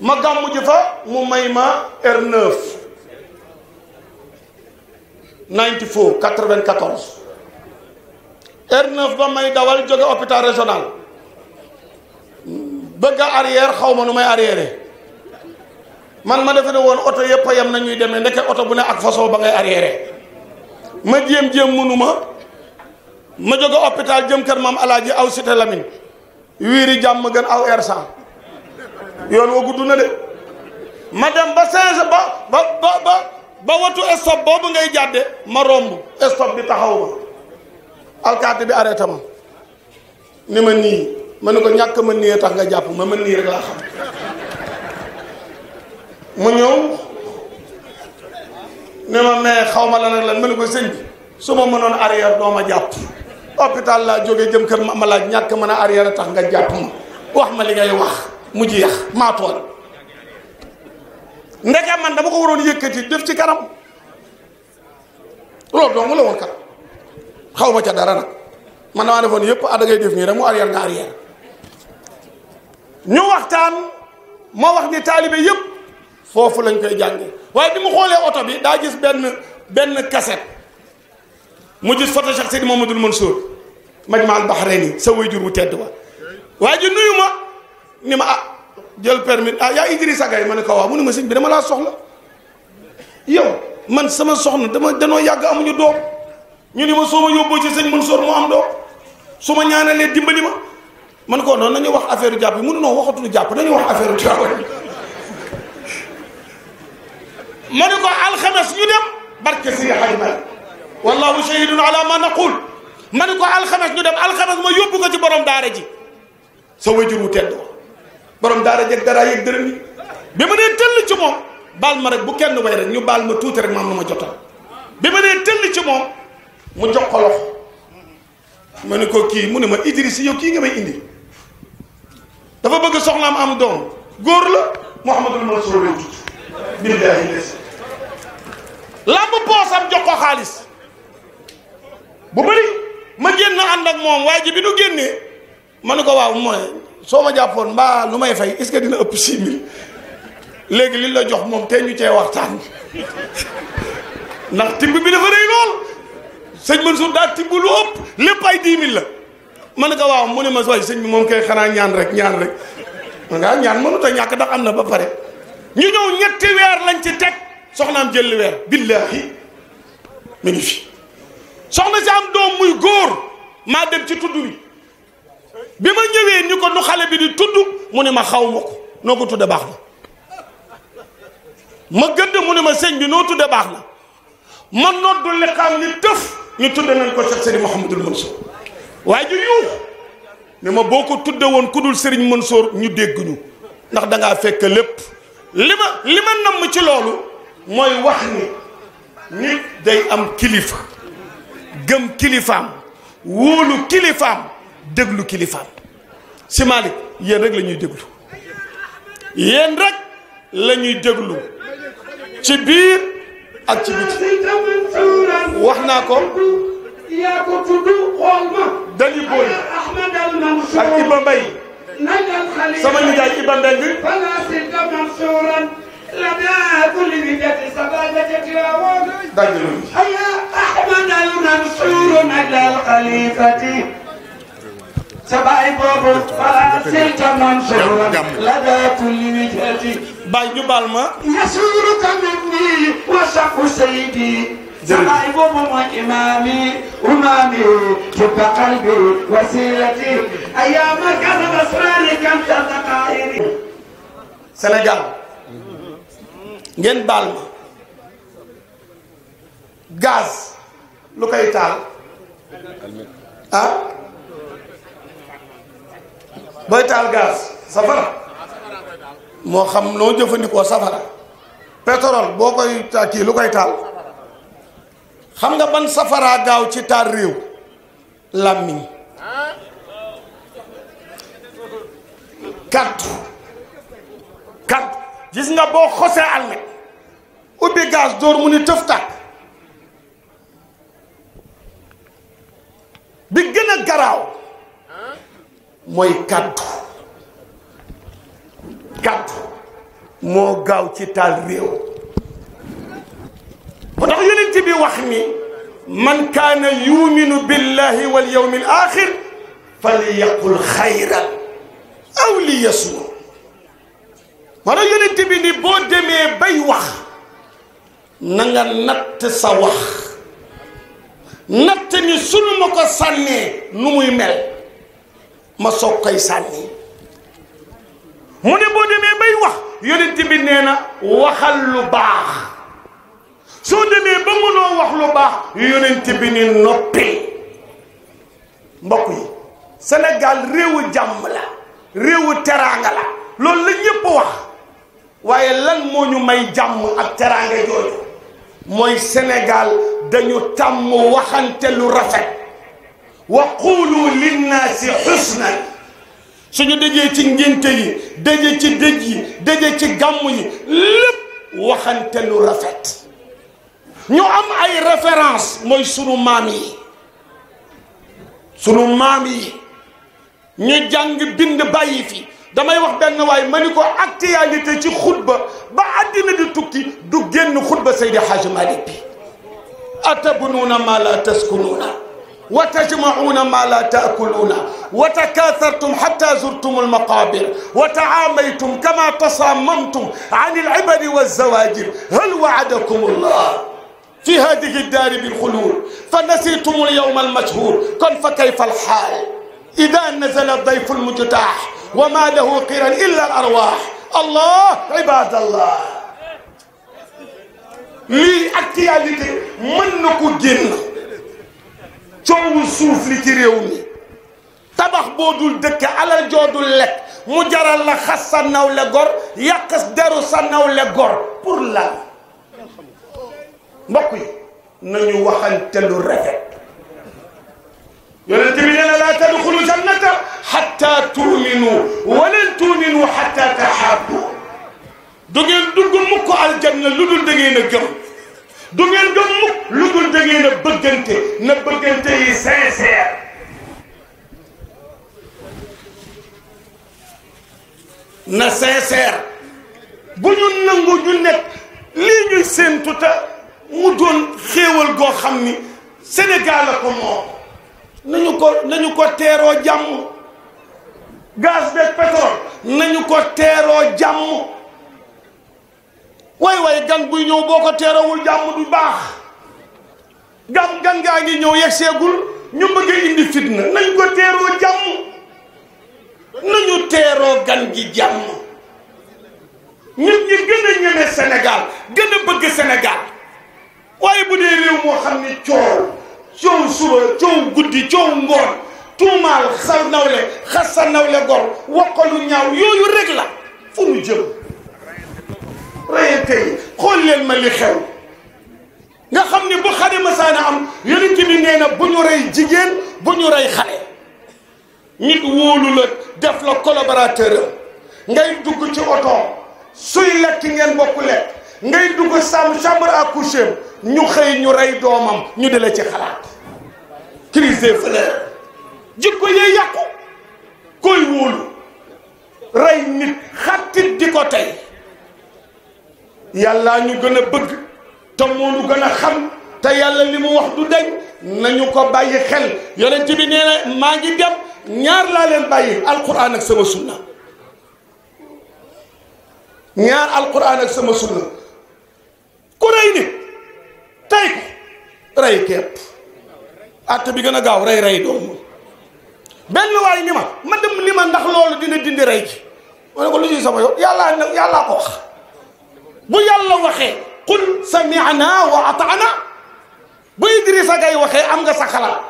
ma gàmmu ji fa mu may ma R9 94 94 R9 ba may dawal jóge hôpital régional bëgg a arrière xaw ma nu may arrière man ma defe ne woon oto yëpp a yem na ñuy demee ndeke oto bu ne ak façon ba ngay arriéré ma jéem jéem mënuma ma jóge hôpital jëm kër maam alaaji aw cité Lamine wiiri jàmm gën aw ersan yoon wa gudd na de ma dem ba singe ba ba ba ba ba watu stop boobu ngay jàdde ma romb stop bi taxaw ma alkaati bi arrêté ma ni ma nii ma ne ko ñàkk ma nii tax nga jàpp ma ma nii rek laa xam mu ñëw ne ma mais xaw ma la nag lan ma ne ko sëñ bi su ma mënoon arrière doo ma jàpp hôpital laa jógee jëm kër ma laaj ñàkk mën a arrière a tax nga jàpp ma wax ma li wax mu ji yax maa tooñ ndeke man dama ko waroon yëkkati def ci kanam loolu xaw ma ca dara nag man damaa defoon yëpp a ah da ngay def nii rek mu arrière nga arrière ñu waxtaan ma wax ni taalibe yëpp. foofu lañ koy jànge waaye bi mu xoolee oto bi daa gis benn benn kaset mu gis photo Cheikh Seydi Mamadou Mansour Majma al Bahraini sa waajur wu tedd wa waaye ji nuyu ma ni ma ah jël permis ah yaa Idrissa Gay ma ne mu ne ma sëñ bi dama laa soxla yow man sama soxna dama danoo yàgg amuñu doom ñu ni ma soo ma yóbboo ci sëñ Mansour mu am doom su ma ñaanalee dimbali ma man ko noonu nañu wax affaire jàpp yi mënu noo waxatuñu jàpp nañu wax affaire jàpp ma ne ko alxames ñu dem barke si xay ma wallahu shahidun ala ma naqul ma ne ko alxames ñu dem alxames ma yóbbu ko ci borom daara ji sa wajur wu tedd ko borom daara ji dara yeeg bi ma nee tëll ci moom baal ma rek bu kenn way rek ñu baal ma tuuti rek maam lu ma jotal bi ma nee tëll ci moom mu jox ko loxo ma kii mu ne ma Idriss yow kii nga may indi dafa bëgg soxnaam am doom góor la Mouhamadul Mansour lay làmb poosam jox ko xaalis bu bëri ma génn ànd ak moom waaye ji nu génnee ma ne ko waaw mooy soo ma jàppoon mbaa lu may fay est dina ëpp six léegi li la jox moom te ñu cee waxtaan ndax tibb bi dafa rëy lool sëñ Mansour daa tibb lu ëpp lépp ay dix la ma ne ko waaw mu ne ma waay sëñ bi moom kay xanaa ñaan rek ñaan rek man ngaa ah, ñaan mënut ñàkk ndax am na ba pare ñu ñëw ñetti weer lañ ci teg soxnaam jël weer billaahi mi ngi fi soxna si am doom muy góor maa dem ci tudd bi bi ma ñëwee ñu ko nu xale bi di tudd mu ne ma xaw ma ko noo ko tudd baax na ma gëdd mu ne ma sëñ bi noo tudd baax na ma noddu liqaam ni tëf ñu tudde nañ ko Cheikh Sëriñ Mouhamadul Mansour waaye ju yuux ne ma boo ko tudde woon ku dul Sëriñ Mansour ñu dégg ñu ndax dangaa fekk lépp li ma li ma namm ci loolu mooy wax ni nit day am kilifa gëm kilifaam wóolu kilifaam déglu kilifaam si Malick yéen rek la ñuy déglu yéen rek la déglu ci biir ak ci biti wax naa ko yaa ko tudd xool ma dali booy ak Iba Mbaye sama nijaay لنا كل بدة سبابة تراوون أيا أحمد منصور على الخليفة سبعي بابو فأرسلت منصورا لدى كل وجهتي باي ñu bal ma يسورك مني وشق سيدي سبعي بابو ما إمامي أمامي جب قلبي وسيلتي أيام كان نصراني كم تتقائري Sénégal ngeen baal ma gaas lu koy taal ah booy taal gaz safara moo xam noo jëfandikoo safara pétrole boo koy kii lu koy taal xam nga ban safaraa gaaw ci taal réew làmmiñ kàddu kàddu gis nga boo xosee almet ubbi gaz dóor mu ni tëf tàkk bi gën a garaaw mooy kàddu kàddu moo gaaw ci taal réew ba tax yonent bi wax ni man kaana yuminu billahi wal yawmi al axir falyaqul xayran aw liyasmut boo demee bay wax na nga natt sa wax natt ni sunu ma ko sànnee nu muy mel ma soog koy sànni mu ne boo demee bay wax yonent bi nee na waxal lu baax soo demee ba mënoo wax lu baax yonent bi ni noppi mbokk yi senegal réewu jàmm la réewu teraanga la loolu la ñëpp wax waaye lan moo ñu may jàmm ak teraange jooju mooy Sénégal dañu tàmm waxante lu rafet wa qulu linnaasi xusnan suñu dajee ci ngénte yi daje ci dëj yi daje ci gàmm yi lépp waxante lu rafet ñu am ay référence mooy sunu maam yi sunu maam yi ñu jàng bind bàyyi fi damay wax benn waay ma ni ko actualité ci xutba ba àddina di tukki du génn xutba Seydi Hadji Malick bi atabnuuna ma la taskunuuna wa tajmauuna ma la taakuluuna wa takaathartum xata zurtum almaqabir wa taamaytum kama tasaamamtum an alibadi walzawajir hal waadakum allah fi hadihi daari bilxulul fa nasitum alyawma almashhur kon fa kayfa alxaal إذا نزل الضيف المجتاح وما له قرن إلا الأرواح الله عباد الله lii actualité mën na ko génn coowu suuf li ci réew mi tabax boo dul dëkk alal joo dul lekk mu jaral la xas sa nawle gor yàq deru sa nawle gor pour lan mbokk yi nañu waxante lu rafet yonent bi nee na laa tadxulu jannata xatta tuuminu walan tuuminu xatta taxaabu du ngeen dugg mukk aljanna lu dul da ngeen a gëm du ngeen gëm mukk lu dul da ngeen a bëggante na bëggante yi sincère na sincère bu ñu nangu ñu nekk lii ñuy séentu te mu doon xéewal goo xam ni Sénégal la ko moom nañu ko nañu ko teeroo jàmm gaz beeg pétrole nañu ko teeroo jàmm waay waay gan buy ñëw boo ko teeroowul jàmm du baax gan gan gaa ngi ñëw yegg seegul ñu bëgg indi fitna nañu ko teeroo jàmm nañu teeroo gan gi jàmm nit ñi gën a ñeme Sénégal gën a bëgg Sénégal waaye bu dee réew moo xam ni coow coow suba coow guddi coow ngoon tuumaal sa nawle xas sa nawle gor waxalu ñaaw yooyu rek la fu nu jëm rayante yi xool leen ma li xew nga xam ne bu xale masaana am yonent bi nee bu ñu rey jigéen bu ñu rey xale nit wóolu la def la collaborateur ngay dugg ci oto suy lekk ngeen bokk lekk ngay dugg sam chambre à coucher ñu xëy ñu rey doomam ñu di la ci xalaat crise des valeurs jikko yee yàqu koy wóolu rey nit xattit di ko tey yàllaa ñu gën a bëgg te moo ñu gën a xam te yàlla li mu wax du deñ nañu ko bàyyi xel yonent bi nee maa ngi dem ñaar laa leen bàyyi alquran ak sama sunna ñaar alquran ak sama sunna ku rey nit tey rey kepp àtte bi gën a gaaw rey rey doom benn waay ni ma ma dem ni ma ndax loolu dina dindi rey ji ma ne ko lu ciy sama yoon yàllaa ne bu yàlla waxee qul sami'na wa ata'na bu Idrissa Gay waxee am nga sa xalaat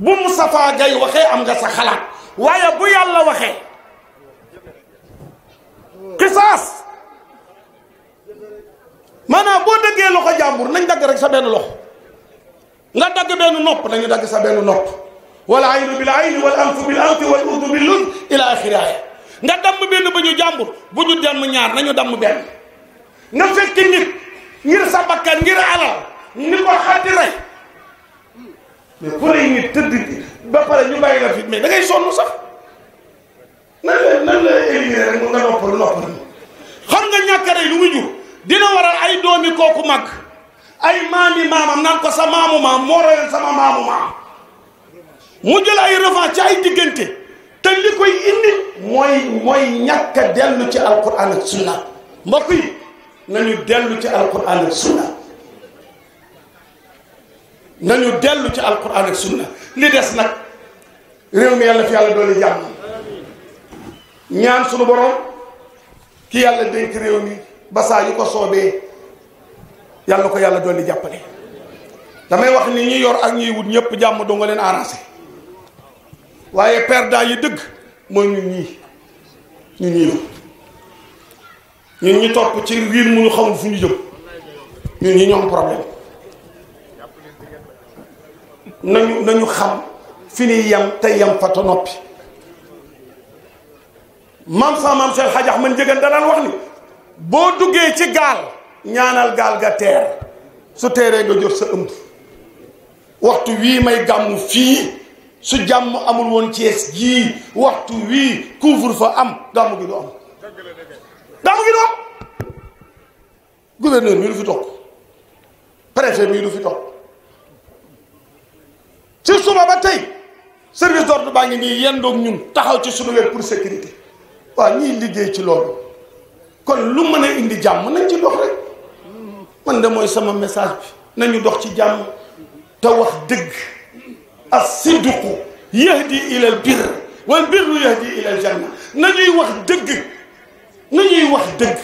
bu Moustapha Gay waxee am nga sa xalaat waaye bu yàlla waxe qisaas maanaam boo dëggee loxo jàmbur nañ dagg rek sa benn loxo nga dagg benn nopp nañu dagg sa benn nopp wal aynu bil ayni wal anfu bil anfi wal udnu bil udni ila axiri nga ba ñu jàmbur ñaar nañu damm benn nga fekk nit ngir sa bakkan ngir alal ni ko xaddi rey mais ku rey nit tëdd ñu bàyyi la fi mais da ngay sonn sax nan la nan la éliminer rek nga noppalu noppalu xam nga ñàkk a rey lu muy dina waral ay doomi kooku mag ay maami maamam naan ko sa maamu maam moo rayoon sama maamu maam mu jël ay revanche ci ay diggante te li koy indi mooy mooy ñàkk dellu ci alquran ak sunna mbokk yi nañu dellu ci alquran ak sunna dellu ci alquran ak sunna li des nag réew mi yàlla fi yàlla doole jàmm ñaan sunu borom ki yàlla dénk réew mi ba saa yu ko soobee yàlla ko yàlla dolli jàppale damay wax ni ñi yor ak ñiy wut ñëpp jàmm doo nga leen arrangé waaye perdant yi dëgg mooy ñun ñii ñun ñii la ñun ñu topp ci riir mu ñu xamul fu ñu jëm ñun ñi ñoo am problème nañu nañu xam fi ni yam te yam fa te noppi maam sa maam Seex Xaaj Axmad Njëgën da daan wax ni boo duggee ci gaal ñaanal gaal ga teer su teeree nga jot sa ëmb waxtu wii may gàmmu fii su jàmm amul woon Cees gii waxtu wii couvre fa am gàmmu gi du am gàmmu gi du bi du fi toog préfet bi du fi toog ci suba ba tey service d'ordre baa ngi yenn yendoog ñun taxaw ci suñu wet pour sécurité waaw ñiy liggéey ci loolu kon lu mën a indi jàmm nañ ci dox rek man de mooy sama message bi nañu dox ci jàmm te wax dëgg as sidqu yahdi ilal birr wal birru yahdi ilal janna nañuy wax dëgg nañuy wax dëgg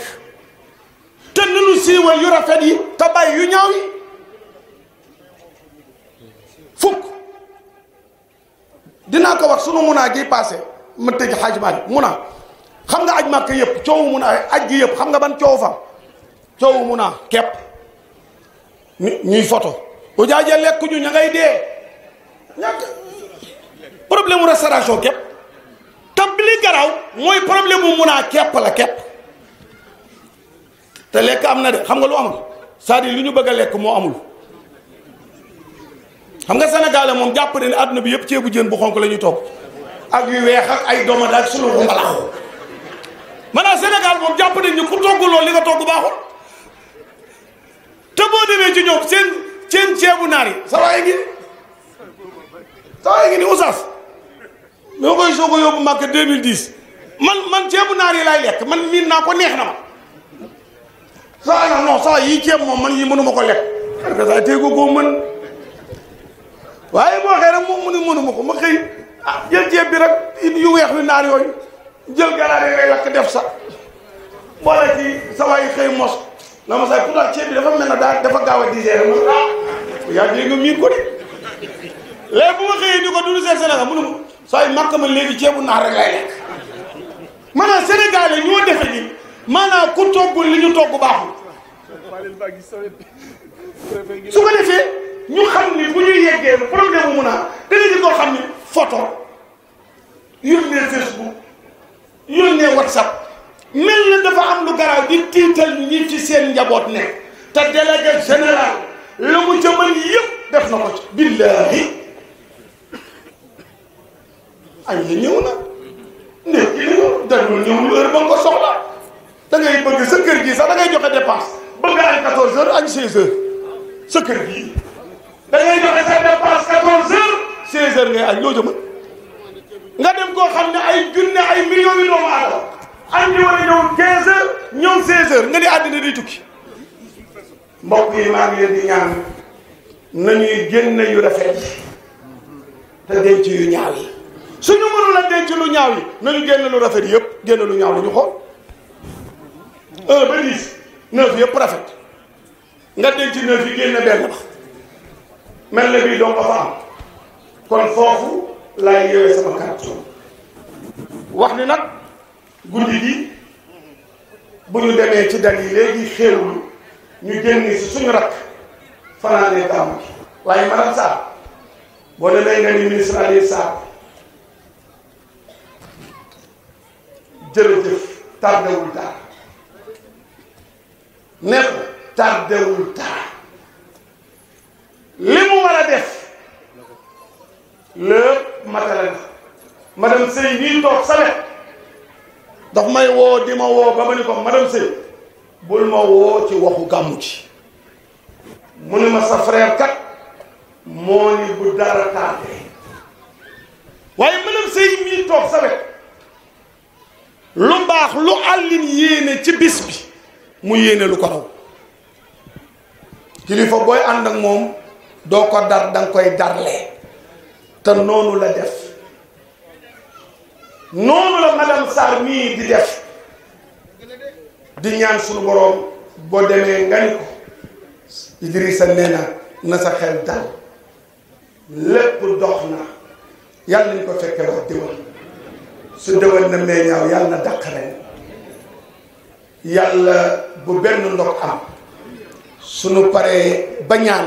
te nanu siiwal yu rafet yi te bàyyi yu ñaaw yi fukk dinaa ko wax sunu munaa gi passé ma tëj xaaj maa mun a xam nga aj màkk yëpp coowu mun a aj gi yëpp xam nga ban coow fa coow mun a kepp ñuy foto bu jaajee lekk ñu ña ngay dee ñàkk problème mu restauration kepp tam bi mooy problème mu mun a kepp la kepp te lekk am na de xam nga lu amul cest à lu ñu bëgg a lekk moo amul xam nga Sénégal moom jàpp ne ne àdduna bi yëpp ceebu jën bu xonk la ñuy togg ak yu weex ak ay doomadaak sunu bu mbalax maanaam senegal moom jàpp nañ ñu ku togg li nga togg baaxul te boo demee ci ñoom seen seebu ceebu naar yi sa waay ngi sa waay ngi ni Oustaz ñoo koy soog a yóbbu man man ceebu naar yi laay lekk man miin naa ko neex na ma sa waay nag non sa waay yii ceeb moom man yii mënuma ko lekk xanaa saa tey ko mën waaye boo xëy rek mënu mënuma ko ma ah, ceeb bi rek yu weex wi naar yooyu jël galaare ngay lakk def sa boole ci sa waay xëy mos na ma say ceeb bi dafa mel na daal dafa gaaw a digéré ma ah yaa dégg nga miin ko de ma xëyee ni ko dund seen Sénégal yi ñu ma saa yu ma naa ceebu naar ku toggul li ñu togg baaxul su ko defee ñu xam ni bu ñuy yeggee problème mu mun a danañu koo xam ni photo yónnee Facebook. yónnee whatsapp mel na dafa am lu garaaw di tiital ñi ci seen njaboot ne ta délégué général la mu ca mën yëpp def na ko ci billaahi añ la ñëw na ndékki la ñëw dalul ñëw lu heure ba nga ko soxla da ngay bëgg sa kër gi sax da ngay joxe dépense bëgg añ quatorze heures añ seize heures sa kër gi da ngay joxe sa dépense quatorze heures seize heures ngay nga dem koo xam ne ay junne ay millions yu doomu aadama am ñu war a ñëw 15 nga di àddina di tukki mbokk yi maa ngi di ñaan nañuy génn yu rafet te denc yu ñaaw yi suñu mënul a denc lu ñaaw yi nañu génn lu rafet yëpp génn lu ñaaw li ñu xool un ba dix neuf yëpp rafet nga denc neuf yi génn benn ba mel na bii doo ko fa am kon foofu laay yeewee sama carton wax ni nag guddi gi bu ñu demee ci dal yi léegi xéewlu ñu génn si suñu rakk fanaanee gàmm gi waaye maanaam saa boo demee nga ni ministre Aliou Sarr jërëjëf tardewul dara nekk tardewul dara li mu war def lépp matale na madame Seye mii toog sale daf may woo di ma woo ba ko madame Seye bul ma woo ci waxu gàmmu ci mu ne ma sa frère kat moo ni bu dara taatee waaye madame Seye mii toog sale lu baax lu àllin yéene ci bis bi mu yéene lu ko raw kilifa booy ànd ak moom doo ko dar danga koy darlee te noonu la def noonu la madame Sarr mii di def di ñaan sunu boroom boo demee nga ni ko Idrissa nee na na sa xel dal lépp dox na yàlla nañ ko fekke wax déwén su déwén na meññaaw yàlla na dàq ren yàlla bu benn ndox am suñu paree ba ñaan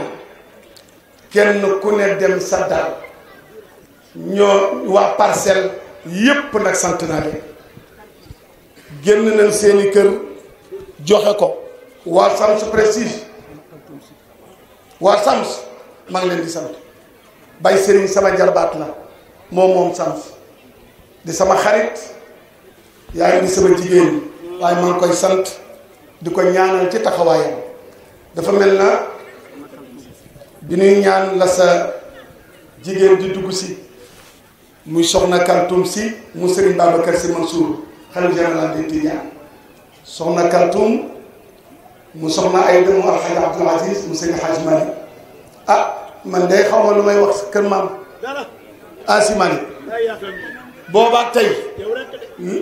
kenn ku ne dem sa dal ñoo waa parcelle yépp nag sant naa leen génn nañ seeni kër joxe ko waa sams prestige waa sams maa ngi leen di sant bay sëriñ sama jarbaat la moom moom sant di sama xarit yaa ngi di sama jigéen waaye maa ngi koy sant di ko ñaanal ci taxawaayam dafa mel na bi ñuy ñaan la sa jigéen di dugg si muy soxna Kaltum si mu Serigne Babacar Sy Mansour xalif général des Tidianes soxna Kaltum mu soxna Aïda mu Alxaaj Abdul mu Serigne ah, Xaaj lu may wax kër maam Asi ah, Malick boobaa tey hmm?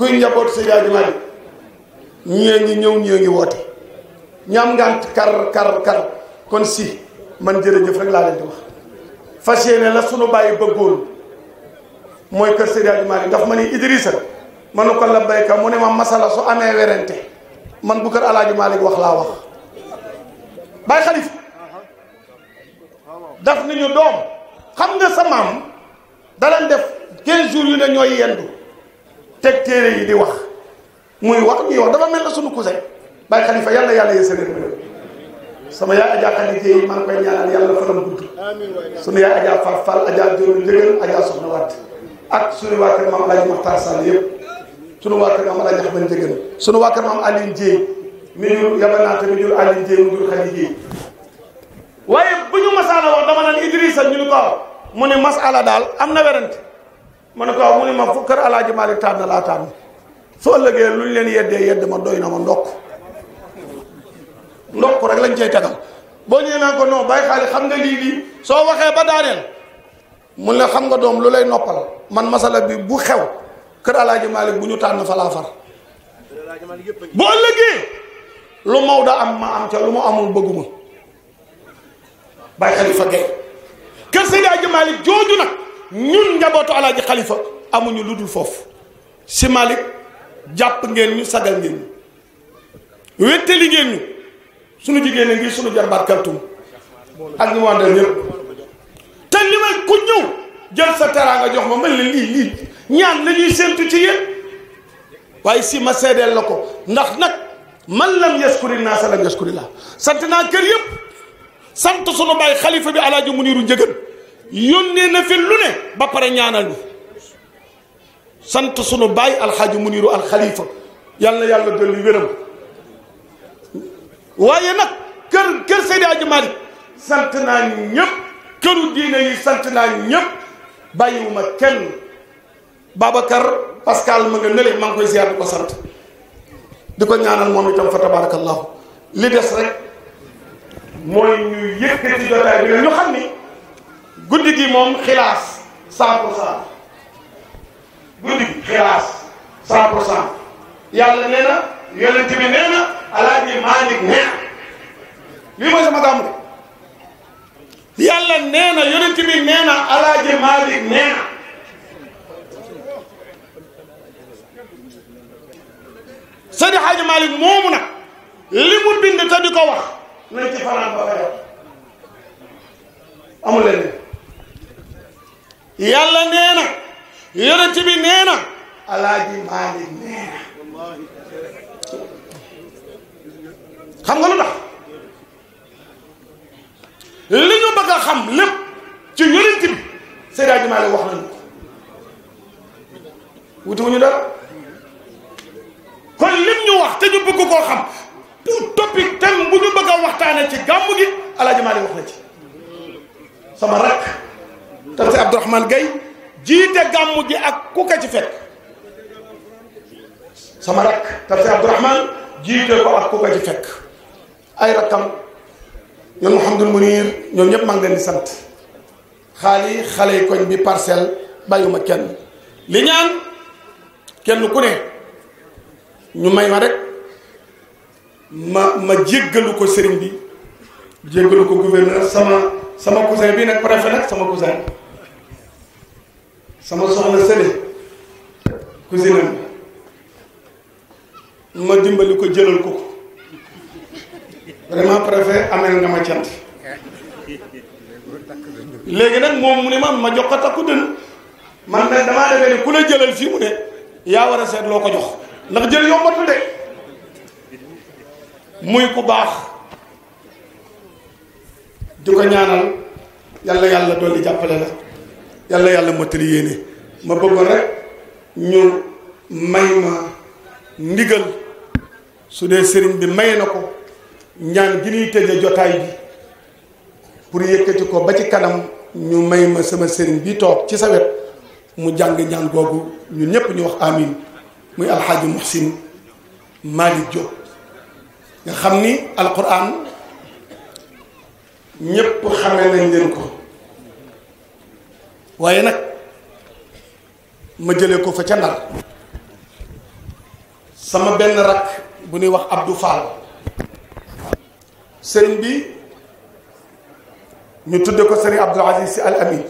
kuy njaboot si Xaaj Malick ñii ngi ñëw ñii ngi woote ñaam ngant kar kar kar kon si man jërëjëf rek laa leen di wax fas yéene la sunu bàyyi bëggoon mooy kër Seydi Hadji Malick daf ma ni Idrissa ma ne ko labbayka mu ne ma masala su amee werante man bu kër Alaaji Malick wax laa wax Baye Khalifa daf nañu doom xam nga sa maam dalan def 15 jours yu ne ñooy yendu teg téere yi di wax muy wax ñuy wax dafa mel na sunu cousin Baye Khalifa yàlla yàlla yee sëriñ sama yaay Adja Khadija yi maa koy ñaanal yàlla fanam gudd sunu yaay Adja Fall Fall Adja Dior Njëgal Adja Soxna Watt ak suñu waa kër maam El Hadj Mokhtar Sall yëpp suñu waa kër maam El Hadj Axmed Ndiéguène suñu waa kër maam Alioune Dieye mi jur yabanaante mi mu ñu masaala woon dama ñu ko daal am na werante ma ne ko waaw mu ne ma fu kër El Hadj laa tànn su ëllëgee lu leen yeddee yedd ma doy na ma ndokk ndokk rek lañ cay tegal boo ñëwee naa ko non bàyyi xaalis xam nga lii lii soo waxee ba daaneel. mu la xam nga doom lu lay noppal man masala bi bu xew kër alaaji Malik bu ñu tànn fa laa far bu ëllëgee lu maw da am ma am ca lu ma amul bëgguma bàyyi xalifa gay kër Seydi Alaaji Malik jooju nag ñun njabootu alaaji xalifa amuñu lu dul foofu si Malik jàpp ngeen ñu sagal ngeen ñu wéttali ngeen ñu suñu jigéen a ngi suñu jarbaat kaltum ak ñu wàndal ñëpp te li may ku ñëw jël sa teraanga jox ma mel ni lii lii ñaan la ñuy séntu ci yéen waaye si ma seedeel la ko ndax nag man lam yaskuri naasa lam yaskuri laa sant naa kër yëpp sant sunu bàyyi xalifa bi alaaji Muniiru Njëgën yónnee na fi lu ne ba pare ñaanal ñu sant sunu bàyyi alxaaji Muniiru alxalifa yàlla yàlla dolli wéram waaye nag kër kër Seydi Aji Malick sant naa ñëpp këru diine yi sant naa ñëpp bàyyiwuma kenn Babacar Pascal ma nga nële maa koy ziar di ko sant di ko ñaanal moom itam fa tabarakallahu li des rek mooy ñu yëkkati jotaay bi ñu xam ni guddi gi moom xilaas cent pour cent guddi gi xilaas cent pour cent yàlla nee na yonent bi nee na alaaji Maalik nee na lii mooy sama gàmmu yàlla nee na yonent bi nee na Maalik nee na Seydi Haaji Maalik moomu nag li mu bind te di ko wax nañ ci fanaan ba fayal amul leneen yàlla nee na Maalik nee na xam nga li ñu bëgg a xam lépp ci yonent bi Seydi Hadji Malick wax nañu ko wutiwuñu dara kon lim ñu wax te ñu bëgg koo xam pour topic thème bu ñu bëgg waxtaane ci gàmmu gi El Hadji Malick wax na ci sama rakk tam si gay Gaye jiite gàmmu gi ak ku ka ci fekk sama rakk tam si jiite ko ak ku ci fekk ay rakkam ñoom Mouhamadul Mounir ñoom ñëpp maa ngi leen di sant xaali xale yi koñ bi parcelle bàyyiwuma kenn li ñaan kenn ku ne ñu may ma rek ma ma jéggalu ko sëriñ bi jéggalu ko gouverneur sama sama cousin bi nag préfet sama cousin sama soxna sëriñ cousinam ma dimbali ko jëlal ko ko vraiment préfet amel nga ma cant léegi nag moom mu ne man ma jox ko takku dënn man nag damaa defee ne ku la jëlal fii mu ne yaa war a seet loo ko jox ndax jël yombatul de muy ku baax di ko ñaanal yàlla yàlla dolli jàppale la yàlla yàlla mottali yéene ma bëggoon rek ñu may ma ndigal su dee sëriñ bi may na ko ñaan gi ñuy tëje jotaay bi pour yëkkati ko ba ci kanam ñu may ma sama sëriñ bi toog ci sa wet mu jàng ñaan boobu ñun ñëpp ñu wax amin muy alxaaji muhsin malik Diop nga xam ni alquran ñëpp xamee nañ leen ko waaye nag ma jëlee ko fa ca ndar sama benn rakk bu ñuy wax abdu Fall sëriñ bi ñu tudde ko sëriñ Abdul Aziz Sy Al Amin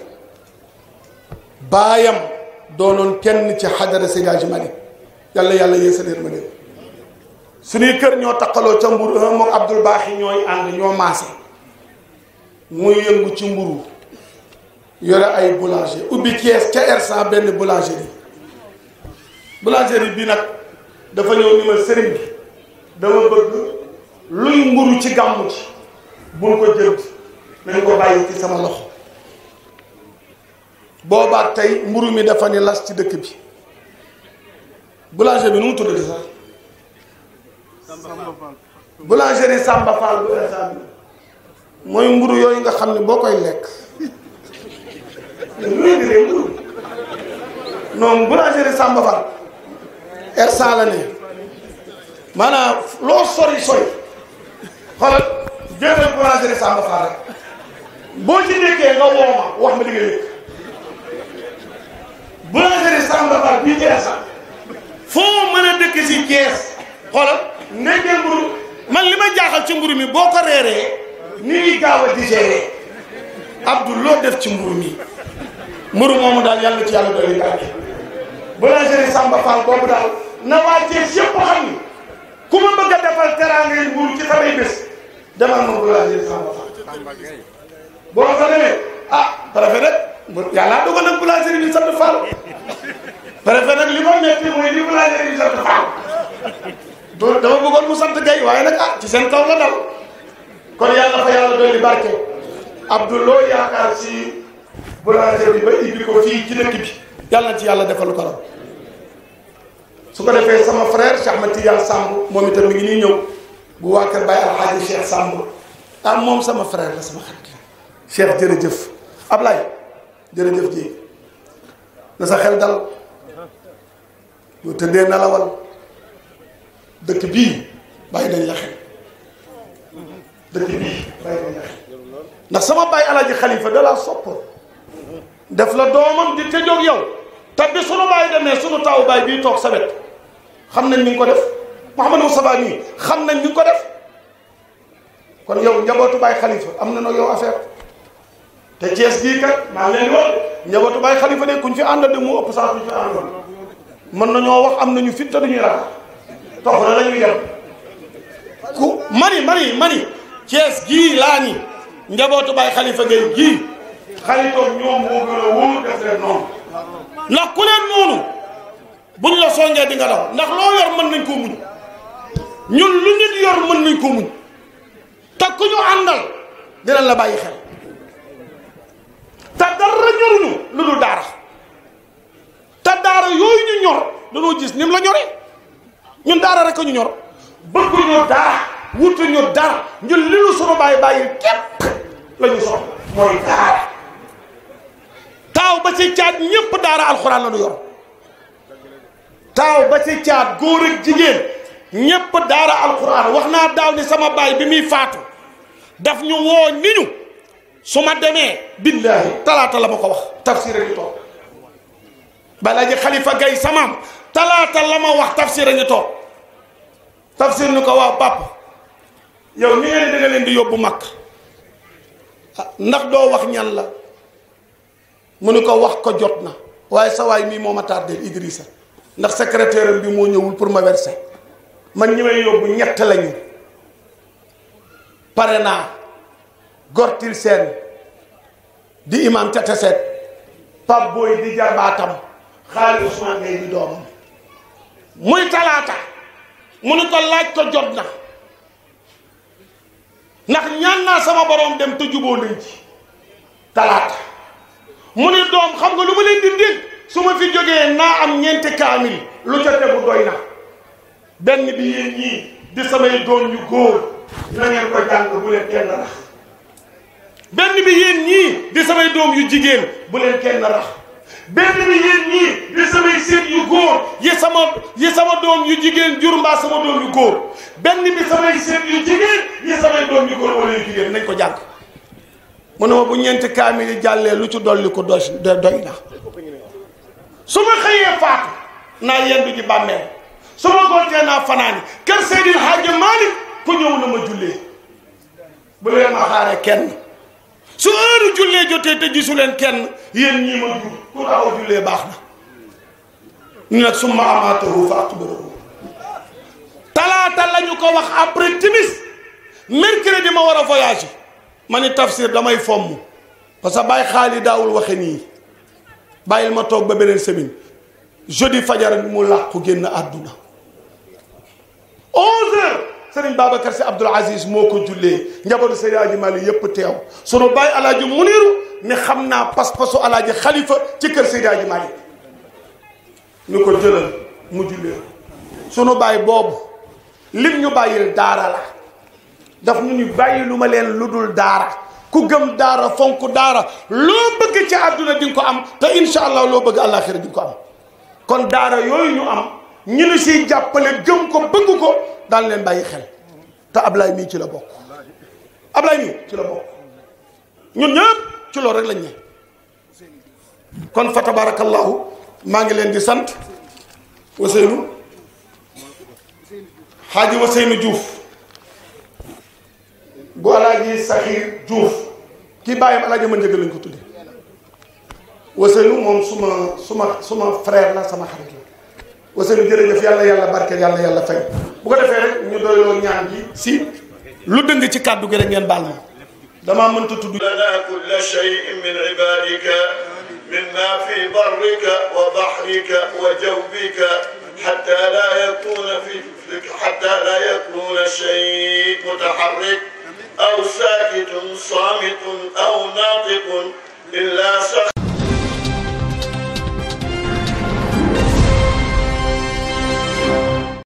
baayam doonoon kenn ci xadara Seydi Hadji Malick yàlla yàlla yeesal yërmande suñuy kër ñoo taqaloo ca mburu ah, moom Abdul Baaxi ñooy ànd ñoo maase muy yëngu ci mburu yore ay boulanger ubbi Thiès ca Ersan benn boulangerie boulangerie bi nag dafa ñëw ni ma sëriñ bi dama bëgg luy mburu ci gàmmu ci bul ko jënd nañ ko bàyyi ci sama loxo boobaat tey mburu mi dafa ni las ci dëkk bi boulanger bi nu mu tuddati sax boulangerie Samba Fall mooy mburu yooyu nga xam ne boo koy lekk léegi mburu non boulangerie Samba Fall la ne maanaam loo sori sori xoolal jéemal boulangerie Samba Fall rek boo ci nekkee nga woo wax ma li nga yëg Samba Fall bii Thiès foo mën a dëkk si Thiès xoolal nekkee mburu man li ma jaaxal ci mburu mi boo ko reeree ni ngi gaaw a digéré Abdou loo def ci mburu mi mburu moomu daal yàlla ci yàlla doy barke boulangerie Samba Fall boobu daal na waa Thiès yëpp xam ni ku ma bëgg a defal teraanga mburu ci samay demal ma bëgg laa jël sama fax boo fa demee ah préfet nag yàlla dogal nag boulangerie bi sant Fall préfet nag li ma metti mooy li boulangerie bi sant Fall do dama bëggoon mu sant Guèye waaye nag ah ci seen taw la dal kon yàlla fa yàlla dolli barke Abdou loo yaakaar si boulangerie bi ba ibbi ko fii ci dëkk bi yàlla na ci yàlla defal ko la su ko defee sama frère Cheikh Ahmed Tidiane Samb moom itam mi ngi ñëw bu waa kër Baye Alxaaji Cheikh Samb ah moom sama frère la sama xarit Cheikh jërëjëf Ablaye jërëjëf ji na xel dal boo tëddee la xel dëkk bii bàyyi dañ ndax sama bàyyi Alaaji Xalifa da laa sopp def la doomam di tëjoog yow te bi sunu bàyyi demee sunu taw baay bii toog sa xam nañ ni ko def Mouhamadou Moustapha mii xam nañ ñu ko def kon njabootu Baye Khalifa am na nag yow affaire maa ngi leen di wax njabootu Baye Khalifa de kuñ fi ànda de mën nañoo wax am nañu fit te duñuy rax tox na lañuy dem ku mani mani mani Thiès gii laa ni njabootu Baye Khalifa ngay gii xaritoom ñoom moo gën a wóor def noonu ndax ku leen noonu buñ la songee di nga daw ndax loo nañ koo muñ ñun lu nit yor mën nañ ko te ku ñu àndal dina la bàyyi xel te dara ñoruñu lu dul daara te daara yooyu ñu ñor dañoo gis ni mu la ñoree ñun daara rek ñu ñor bëgguñu daara wutuñu daara ñun li ñu sunu bàyyi bàyyi képp la ñu soxla mooy daara taaw ba ci caat ñëpp daara alxuraan la yor taaw ba ci caat góor ak jigéen. ñépp daara alxuraan wax naa daaw ni sama baay bi muy faatu daf ñu woo ni ñu su ma demee billaahi talaata la ma ko wax tafsir a ngi toog balaa ji xalifa gay samaam talaata la ma wax tafsir a ngi toog tafsir ni ko waaw pàpp yow ni ngeen danga leen di yóbbu mag ah, ndax doo wax ñan la mu ni ko wax ko jot na waaye sa waay mii moo ma tardé Idrissa ndax secrétaire bi moo ñëwul pour ma werse man ñi may yóbbu ñett lañu pare naa gortil seen di imam tataset pap booy di jarbaatam xaali Ousmane Gueye di doomam muy talaata mu ni ko laaj ko jot na ndax ñaan naa sama boroom dem te juboo nañ ci talaata mu ni doom xam nga lu ma leen di su ma fi jógee naa am ñeenti kaamil lu ca tegu doy na benn bi yéen ñii di samay doom yu góor na ngeen ko jàng bu leen kenn rax benn bi yéen ñii di samay doom yu jigéen bu leen kenn rax benn bi yéen ñii di samay seet yu góor yi sama yi sama doom yu jigéen jur mbaa sama doom yu góor benn bi samay seet yu jigéen yi samay doom yu góor wala yu jigéen nañ ko jàng mu ne ma bu ñeenti kaamil yi jàllee lu ci dolli ko doy doy na su ma xëyee faatu naa yendu ji su ma gontee naa fanaani kër Seydil Hadji Malick ku ñëw na ma jullee bu leen ma xaaree kenn su heure jullee jotee te gisu leen kenn yéen ñii ma jur ku taxaw jullee baax na ñu nag summa amaatahu fa aqbarahu talaata la ñu ko wax après timis mercredi ma war a voyage ma ni tafsir damay fomm parce que bàyyi xaalis daawul waxe nii bàyyil ma toog ba beneen semaine jeudi fajar mu làqu génn àdduna onze heures baaba Babacar si Abdoul Aziz moo ko jullee njabootu Seydi Aji Mali yëpp teew sunu bàyyi alaaji Muniru ne xam naa pas-pasu alaaji xalifa ci kër Seydi Aji Mali ñu ko jëlal mu jullee sunu bàyyi boobu lim ñu bàyyil daara la daf ñu ñu bàyyi lu ma leen lu dul daara ku gëm daara fonk daara loo bëgg ci àdduna di ko am te incha allah loo bëgg àllaaxira di nga ko am kon daara yooyu ñu am ñi lu siy jàppale gëm ko bëgg ko daan leen bàyyi xel te Ablaye mii ci la bokk Ablaye mii ci la bokk ñun ñëpp ci loolu rek lañ kon fa tabarakallahu maa ngi leen di sant Ousseynou xaaji Ousseynou Diouf bu alaaji Saxiir Diouf kii bàyyam alaaji ma njëg lañ ko tudde Ousseynou moom suma suma suma frère la sama xarit la wasalu jërëjëf yàlla yàlla barkeel yàlla yàlla fay bu ko defee rek ñu doyloo ñaan gi si lu dëng ci kàddu gi rek ngeen baal ma damaa mënta tudd lana kulla shay'in min ibadika mimma fi barrika wa bahrika wa jawbika hatta la yakuna fi hatta la yakuna shay mutaharrik aw sakitun samitun aw naatiqun illa